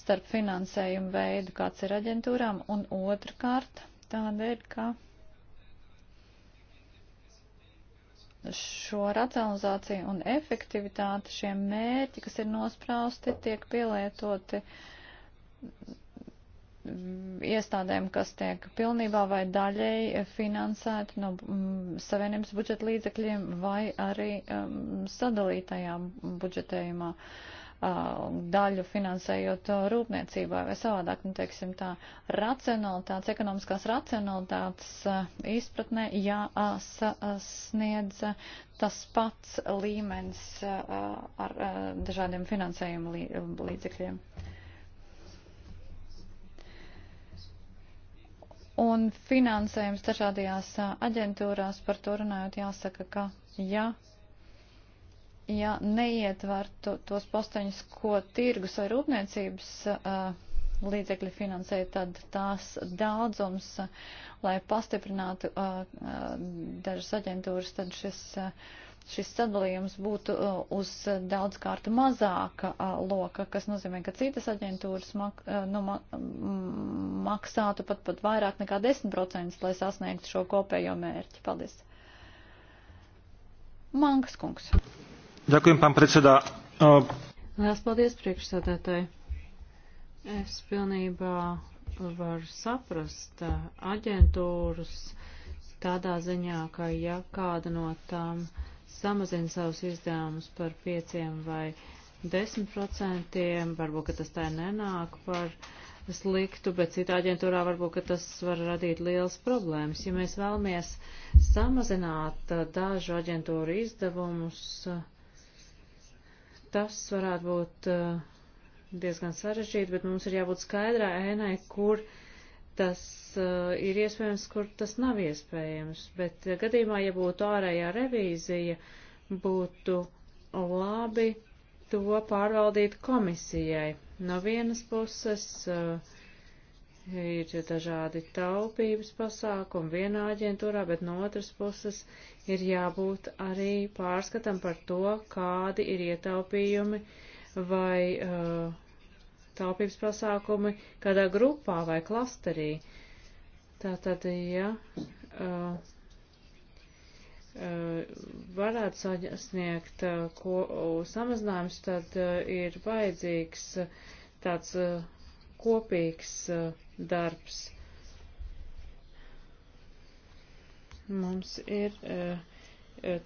starp finansējumu veidu, kāds ir aģentūrām, un otrkārt tādēļ, ka šo racionalizāciju un efektivitāti šie mērķi, kas ir nosprausti, tiek pielietoti Mm, iestādēm, kas tiek pilnībā vai daļēji finansēti no mm, savienības budžeta līdzekļiem vai arī um, sadalītajā budžetējumā daļu finansējot rūpniecībai vai savādāk, nu, teiksim tā, racionalitātes, ekonomiskās racionalitātes izpratnē jāsasniedz tas pats līmenis ar dažādiem finansējumu līdzekļiem. Un finansējums dažādajās aģentūrās par to runājot jāsaka, ka ja, ja neietvertu tos posteņus, ko tirgus vai rūpniecības uh, līdzekļi finansē, tad tās daudzums, uh, lai pastiprinātu uh, dažas aģentūras, tad šis. Uh, šis sadalījums būtu uh, uz uh, daudz kārtu mazāka uh, loka, kas nozīmē, ka citas aģentūras mak, nu, maksātu pat, pat vairāk nekā 10%, lai sasniegtu šo kopējo mērķi. Paldies. Mankas kungs. Ďakujem, pán predsedā. Lielas paldies, priekšsēdētāji. Es pilnībā varu saprast aģentūras tādā ziņā, ka ja kāda no tām. Uh, samazina savus izdevumus par 5 vai 10 procentiem, varbūt, ka tas tā nenāk par sliktu, bet citā aģentūrā varbūt, ka tas var radīt liels problēmas. Ja mēs vēlamies samazināt uh, dažu aģentūru izdevumus, uh, tas varētu būt uh, diezgan sarežģīti, bet mums ir jābūt skaidrā ēnai, kur uh, tas uh, ir iespējams, kur tas nav iespējams, bet uh, gadījumā, ja būtu ārējā revīzija, būtu labi to pārvaldīt komisijai. No vienas puses uh, ir dažādi taupības pasākumi vienā aģentūrā, bet no otras puses ir jābūt arī pārskatam par to, kādi ir ietaupījumi vai uh, taupības pasākumi kādā grupā vai klasterī. Tātad, ja uh, uh, varētu sasniegt uh, ko, samazinājums, tad ir vajadzīgs tāds kopīgs darbs. Mums ir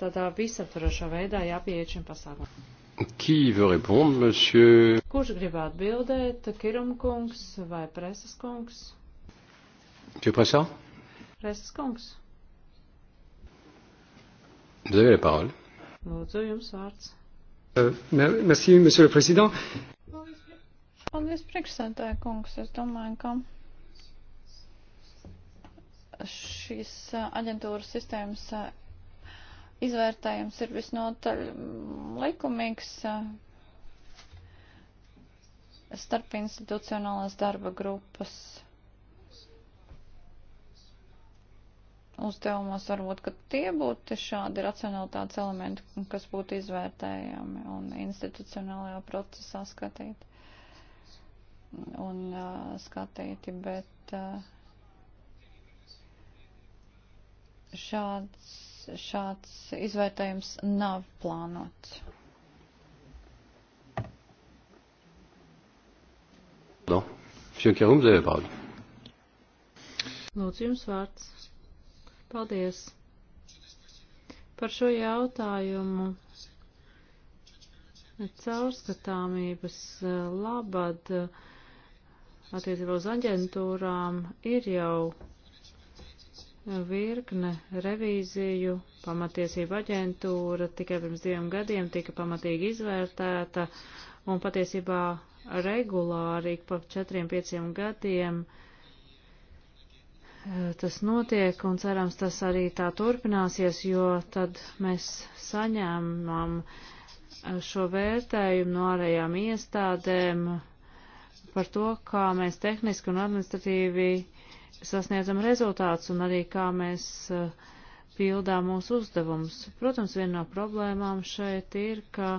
tādā visaptvarošā veidā jāpieeja šim pasākumam. Qui veut répondre, monsieur? Kurš grib atbildēt, Kirumkungs vai Presas kungs? Monsieur Presa? Presas kungs. Vous avez la parole. Lūdzu, jums vārds. Uh, merci, monsieur le président. Paldies, priekšsēdētāja kungs. Es domāju, ka šīs aģentūras sistēmas izvērtējums ir visnotaļ likumīgs eh, starp institucionālās darba grupas uzdevumos varbūt, ka tie būtu šādi racionalitātes elementi, kas būtu izvērtējami un institucionālajā procesā skatīti un uh, skatīti, bet uh, šāds šāds izvērtējums nav plānots. No. Lūdzu, jums vārds. Paldies par šo jautājumu. Caurskatāmības eh, labad eh, attiecībā uz aģentūrām ir jau virkne revīziju, pamatiesība aģentūra tikai pirms diviem gadiem tika pamatīgi izvērtēta un patiesībā regulāri pa četriem, pieciem gadiem eh, tas notiek un cerams tas arī tā turpināsies, jo tad mēs saņēmām eh, šo vērtējumu no ārējām iestādēm par to, kā mēs tehniski un administratīvi sasniedzam rezultātus un arī kā mēs eh, pildām mūsu uzdevumus. Protams, viena no problēmām šeit ir, ka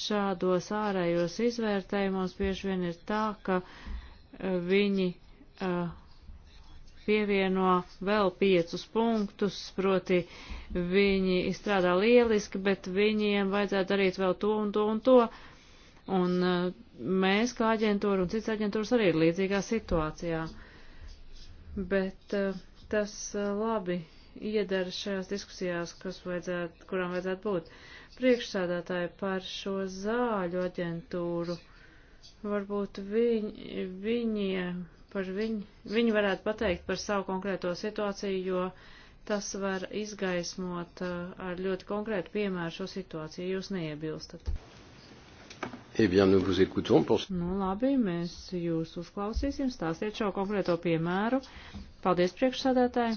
šādos ārējos izvērtējumos bieži vien ir tā, ka eh, viņi eh, pievieno vēl piecus punktus, proti viņi izstrādā lieliski, bet viņiem vajadzētu darīt vēl to un to un to. Un mēs kā aģentūra un cits aģentūras arī ir līdzīgā situācijā. Uh, bet eh, tas eh, labi iedara šajās diskusijās, vajadzētu, kurām vajadzētu būt priekšsādātāji par šo zāļu aģentūru. Varbūt viņ, viņiem, par viņu, viņi varētu pateikt par savu konkrēto situāciju, jo tas var izgaismot eh, ar ļoti konkrētu piemēru šo situāciju, jūs neiebilstat. Eh bien, nous vous écoutons pour... Nu, labi, mēs jūs uzklausīsim, stāstiet šo konkrēto piemēru. Paldies, priekšsādātāji.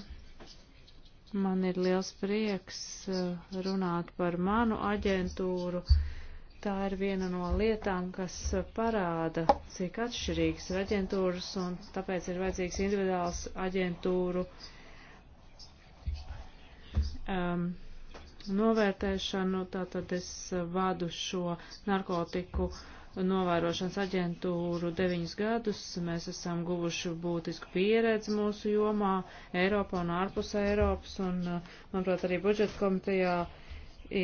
Man ir liels prieks eh, runāt par manu aģentūru. Tā ir viena no lietām, kas parāda, cik atšķirīgas ir aģentūras, un tāpēc ir vajadzīgs individuāls aģentūru. Um, novērtēšanu. Tātad es vadu šo narkotiku novērošanas aģentūru deviņus gadus. Mēs esam guvuši būtisku pieredzi mūsu jomā Eiropā un ārpus Eiropas. Un, manuprāt, arī budžeta komitejā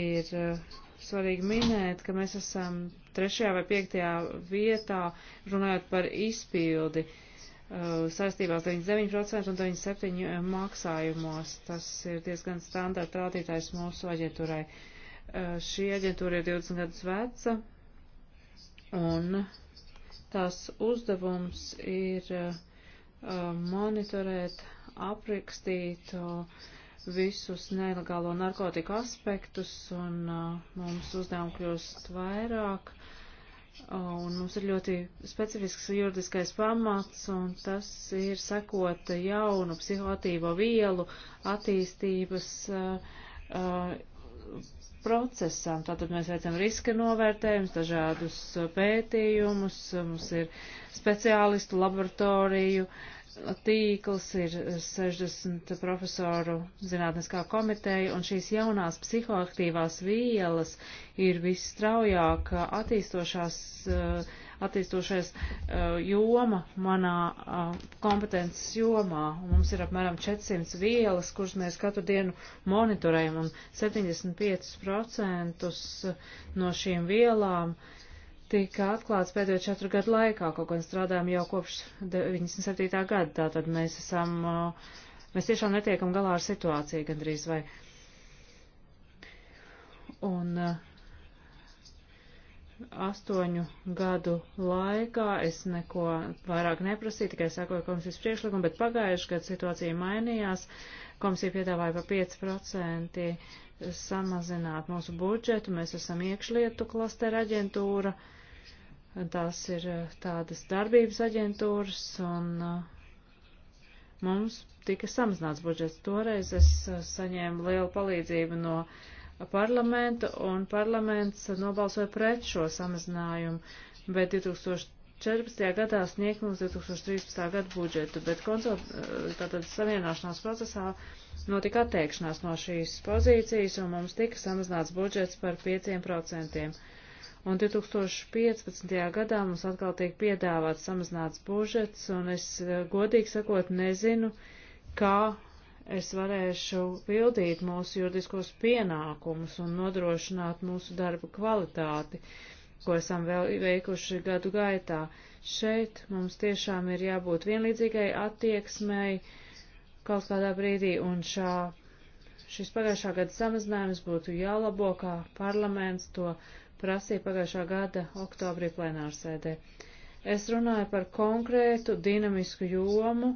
ir eh, svarīgi minēt, ka mēs esam trešajā vai piektajā vietā runājot par izpildi. Uh, Uh, saistībās 99% un 97% uh, maksājumos. Tas ir diezgan standarta rādītājs mūsu aģentūrai. Uh, šī aģentūra ir 20 gadus veca un tās uzdevums ir monitorēt, aprakstīt visus nelegālo narkotiku aspektus un mums uzdevumi kļūst vairāk. Uh, Un mums ir ļoti specifisks juridiskais pamats, un tas ir sekot jaunu psihotīvo vielu attīstības uh, uh, procesam. Tātad mēs veicam riska novērtējumus, dažādus pētījumus, mums ir speciālistu laboratoriju uh, tīkls, ir 60 profesoru zinātniskā komiteja, un šīs jaunās psihoaktīvās vielas ir visstraujāk attīstošās, eh, attīstošais eh, joma manā eh, kompetences jomā. Un mums ir apmēram 400 vielas, kuras mēs katru dienu monitorējam, un 75% no šīm vielām uh, tika atklāts pēdējo četru gadu laikā, kaut gan strādājam jau kopš 97. gada, tātad mēs esam, uh, mēs tiešām netiekam galā ar situāciju gandrīz vai. Un uh, astoņu gadu laikā es neko vairāk neprasīju, tikai sakoju komisijas priekšlikumu, bet pagājuši gadu situācija mainījās, komisija piedāvāja pa 5% samazināt mūsu budžetu, mēs esam iekšlietu klastera aģentūra. Uh, Tās ir eh, tādas darbības aģentūras, un eh, mums tika samazināts budžets. Toreiz es eh, saņēmu lielu palīdzību no parlamenta, un parlaments nobalsoja pret šo samazinājumu, bet 2014. gadā sniegt mums 2013. gada budžetu, bet konsult, tātad savienāšanās procesā notika atteikšanās no šīs pozīcijas, un mums tika samazināts budžets par 5%. Un 2015. gadā mums atkal tiek piedāvāts samazināts budžets, un es eh, godīgi sakot nezinu, kā es varēšu pildīt mūsu juridiskos pienākumus un nodrošināt mūsu darba kvalitāti, ko esam vēl veikuši gadu gaitā. Šeit mums tiešām ir jābūt vienlīdzīgai attieksmei kaut kādā brīdī, un šā, šis pagājušā gada samazinājums būtu jālabo, kā parlaments to prasīja pagājušā gada oktobrī plenārsēdē. Es runāju par konkrētu dinamisku jomu,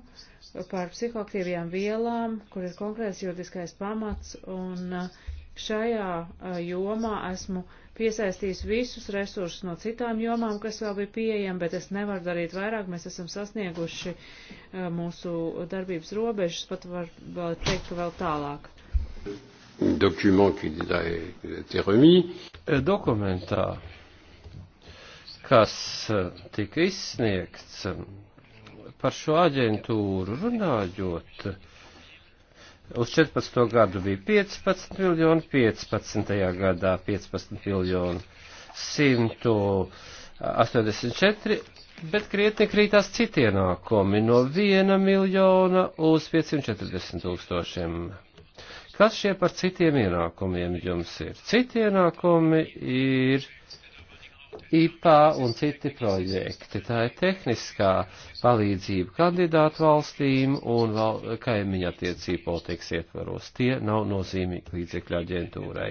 par psihoaktīvajām vielām, kur ir konkrēts juridiskais pamats, un uh, šajā uh, jomā esmu piesaistījis visus resursus no citām jomām, kas vēl bija pieejami, bet es nevaru darīt vairāk, mēs esam sasnieguši uh, mūsu darbības robežas, pat var teikt, ka vēl tālāk. Thank you document qui a été remis. E dokumentā, kas tika izsniegts par šo aģentūru runājot, uz 14. gadu bija 15 miljoni, 15. gadā 15 miljoni 184, bet krietni krītās citi ienākumi no 1 miljona uz 540 tūkstošiem Kas šie par citiem ienākumiem jums ir? Citi ienākumi ir IPA un citi projekti. Tā ir tehniskā palīdzība kandidātu valstīm un val kaimiņa attiecību politikas ietvaros. Tie nav nozīmīgi līdzekļu aģentūrai.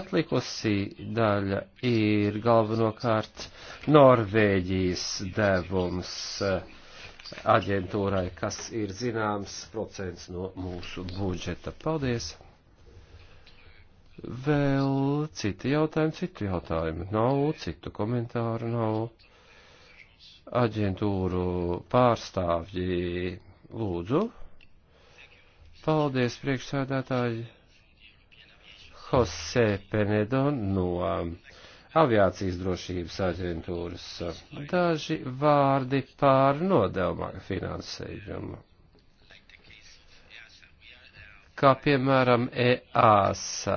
Atlikusī daļa ir galvenokārt Norvēģijas devums. Uh, aģentūrai, kas ir zināms procents no mūsu budžeta. Paldies! Vēl citi jautājumi, citu jautājumu nav, citu komentāru nav. Aģentūru pārstāvji lūdzu. Paldies priekšsēdētāji Jose Penedo no aviācijas drošības aģentūras. Daži vārdi pār nodevu finansējumu. Kā piemēram EASA,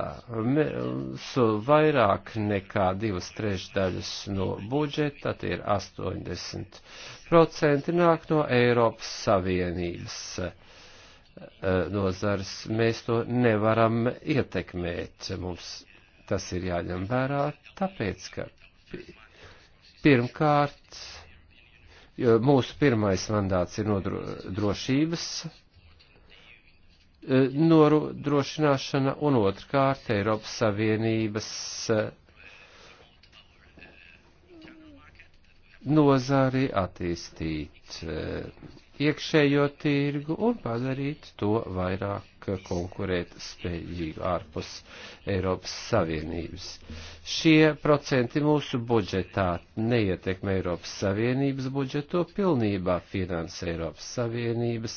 su vairāk nekā divas trešdaļas no budžeta, tie ir 80%, nāk no Eiropas Savienības eh, nozars. Mēs to nevaram ietekmēt. Mums Tas ir jāņem vērā, tāpēc, ka pirmkārt, mūsu pirmais mandāts ir nodrošības e, nodrošināšana un otrkārt Eiropas Savienības e, nozari attīstīt e, iekšējo tirgu un padarīt to vairāk konkurēt spējīgu ārpus Eiropas Savienības. Šie procenti mūsu budžetā neietekmē Eiropas Savienības budžetu, pilnībā finansē Eiropas Savienības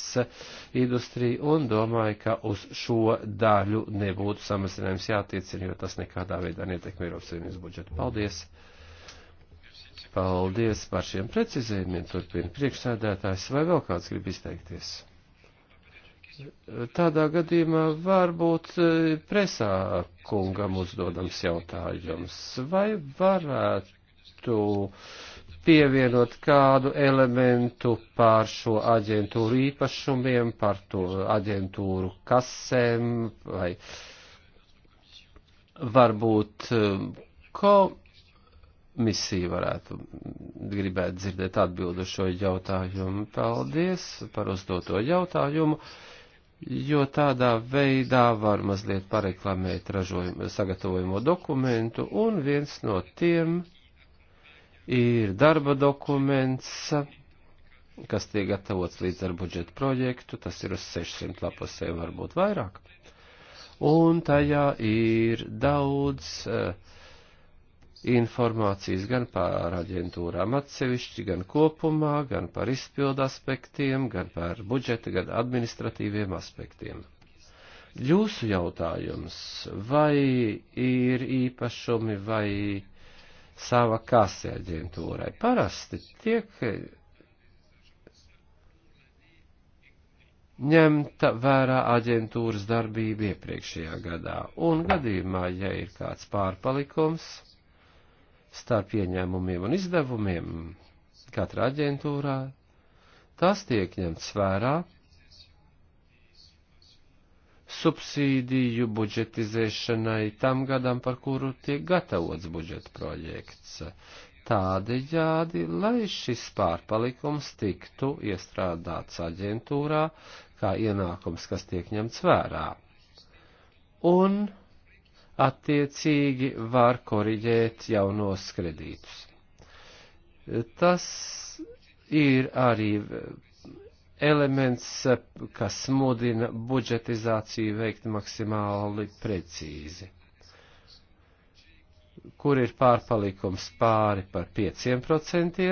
industriju un domāju, ka uz šo daļu nebūtu samazinājums jātiecina, jo tas nekādā veidā neietekmē Eiropas Savienības budžetu. Paldies! Paldies par šiem precizējumiem, turpina priekšsēdētājs, vai vēl kāds grib izteikties? Tādā gadījumā varbūt eh, presā kungam uzdodams jautājums, vai varētu pievienot kādu elementu pār šo aģentūru īpašumiem, par to aģentūru kasēm, vai varbūt eh, ko. Um, komisija varētu gribēt dzirdēt atbildu šo jautājumu. Paldies par uzdoto jautājumu, jo tādā veidā var mazliet pareklamēt ražojumu, sagatavojumu dokumentu, un viens no tiem ir darba dokuments, kas tiek gatavots līdz ar budžetu projektu, tas ir uz 600 lapusēm, varbūt vairāk. Un tajā ir daudz uh, informācijas gan par aģentūrām atsevišķi, gan kopumā, gan par izpildu aspektiem, gan par budžeta, gan administratīviem aspektiem. Jūsu jautājums, vai ir īpašumi vai sava kase aģentūrai? Parasti tiek ņemta vērā aģentūras darbība iepriekšējā gadā, un gadījumā, ja ir kāds pārpalikums, starp ieņēmumiem un izdevumiem katrā aģentūrā, tas tiek ņemts vērā subsīdiju budžetizēšanai tam gadam, par kuru tiek gatavots budžeta projekts. Tādējādi, lai šis pārpalikums tiktu iestrādāts aģentūrā kā ienākums, kas tiek ņemts vērā. Un attiecīgi var koriģēt jaunos kredītus. Tas ir arī elements, kas mudina budžetizāciju veikt maksimāli precīzi kur ir pārpalikums pāri par 5%,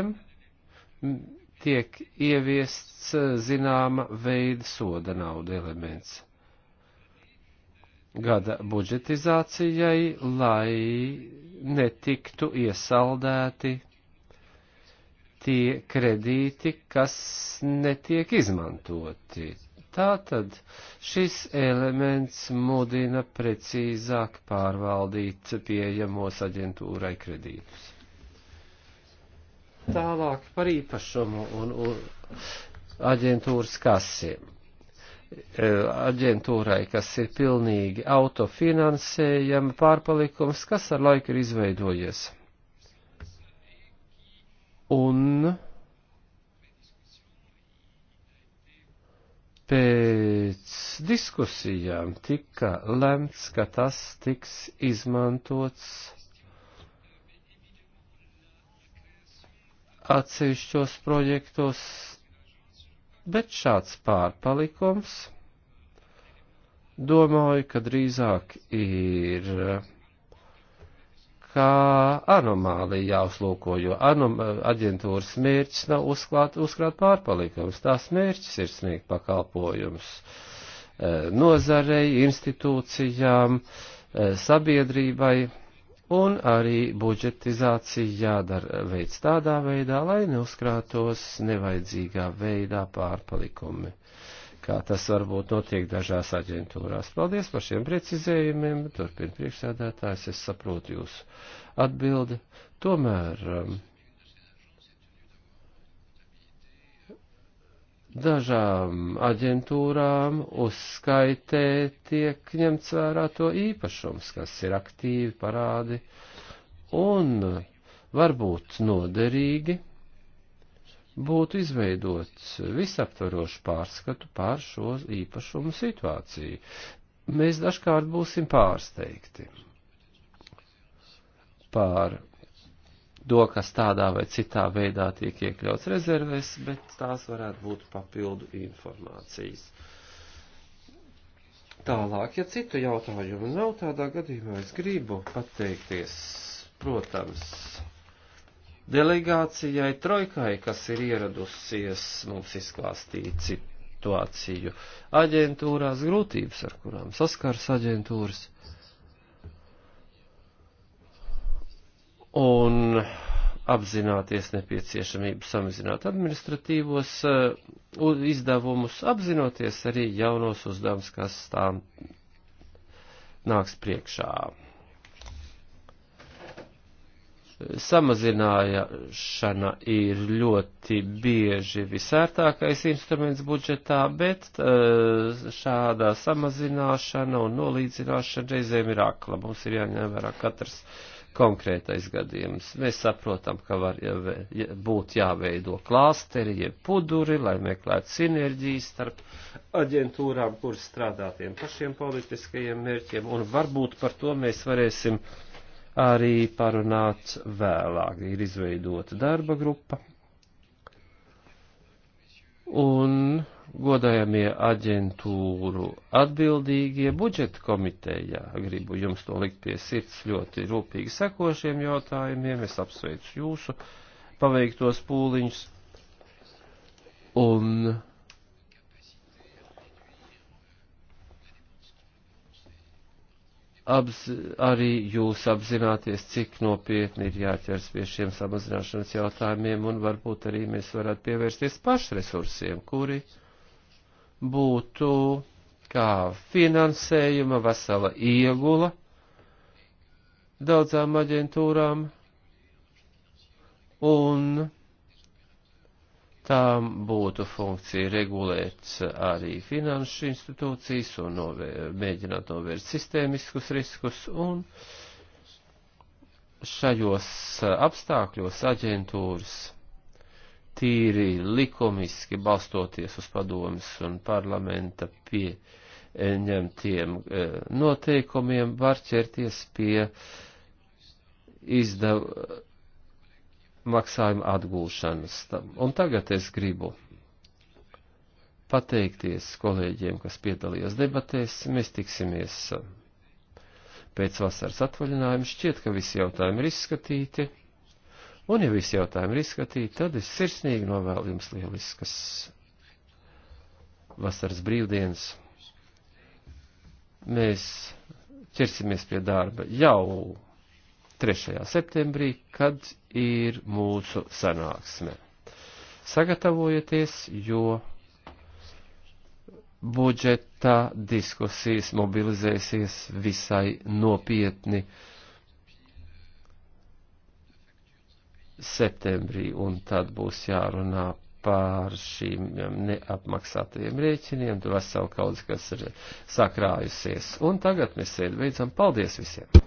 tiek ieviests zināma veida soda nauda elements gada budžetizācijai, lai netiktu iesaldēti tie kredīti, kas netiek izmantoti. Tātad šis elements mudina precīzāk pārvaldīt pieejamos aģentūrai kredītus. Tālāk par īpašumu un, un aģentūras kasiem Eh, aģentūrai, kas ir pilnīgi autofinansējama pārpalikums, kas ar laiku ir izveidojies. Un pēc diskusijām tika lemts, ka tas tiks izmantots atsevišķos projektos bet šāds pārpalikums domāju, ka drīzāk ir kā anomālija jāuzlūko, jo anom, aģentūras mērķis nav uzklāt, uzkrāt pārpalikums, tās mērķis ir sniegt pakalpojums eh, nozarei, institūcijām, eh, sabiedrībai Un arī budžetizācija jādara veids tādā veidā, lai neuzkrātos nevajadzīgā veidā pārpalikumi, kā tas varbūt notiek dažās aģentūrās. Paldies par šiem precizējumiem, turpina priekšsēdētājs, es saprotu jūsu atbildi. Tomēr um, dažām aģentūrām uzskaitē tiek ņemts vērā to īpašums, kas ir aktīvi parādi un varbūt noderīgi būtu izveidots visaptvarošu pārskatu pār šo īpašumu situāciju. Mēs dažkārt būsim pārsteigti pār to, kas tādā vai citā veidā tiek iekļauts rezervēs, bet tās varētu būt papildu informācijas. Tālāk, ja citu jautājumu nav, tādā gadījumā es gribu pateikties, protams, delegācijai Trojkai, kas ir ieradusies mums izklāstīt situāciju aģentūrās, grūtības, ar kurām saskars aģentūras. un apzināties nepieciešamību samazināt administratīvos eh, izdevumus, apzinoties arī jaunos uzdevumus, kas tām nāks priekšā. Samazināšana ir ļoti bieži visērtākais instruments budžetā, bet eh, šādā samazināšana un nolīdzināšana reizēm ir akla. Mums ir jāņem vērā katrs uh, konkrētais gadījums. Mēs saprotam, ka var jau, būt jāveido klāsteri, jeb puduri, lai meklētu sinerģiju starp aģentūrām, kuras strādā tiem pašiem politiskajiem mērķiem, un varbūt par to mēs varēsim arī parunāt vēlāk. Ir izveidota darba grupa. Un godājamie aģentūru atbildīgie budžeta komitejā. Gribu jums to likt pie sirds ļoti rūpīgi sekošiem jautājumiem. Es apsveicu jūsu paveiktos pūliņus. Un apz, arī jūs apzināties, cik nopietni ir jāķers pie šiem samazināšanas jautājumiem, un varbūt arī mēs varētu pievērsties pašresursiem, kuri būtu kā finansējuma vesela iegula daudzām aģentūrām, un tām būtu funkcija regulēt arī finanšu institūcijas un novēr, mēģināt novērst sistēmiskus riskus, un šajos apstākļos aģentūras tīri likumiski balstoties uz padomis un parlamenta pieņemtiem eh, noteikumiem, var ķerties pie izdev maksājuma atgūšanas. Un tagad es gribu pateikties kolēģiem, kas piedalījās debatēs. Mēs tiksimies pēc vasaras atvaļinājuma. Šķiet, ka visi jautājumi ir izskatīti. Un, ja visi jautājumi ir izskatīti, tad es sirsnīgi novēlu jums lieliskas vasaras brīvdienas. Mēs ķersimies pie darba jau 3. septembrī, kad ir mūsu sanāksme. Sagatavojieties, jo budžeta diskusijas mobilizēsies visai nopietni septembrī, un tad būs jārunā pār šīm um, neapmaksātajiem rēķiniem, tur vesela kaudze, kas ir sakrājusies. Un tagad mēs sēdi beidzam. Paldies visiem!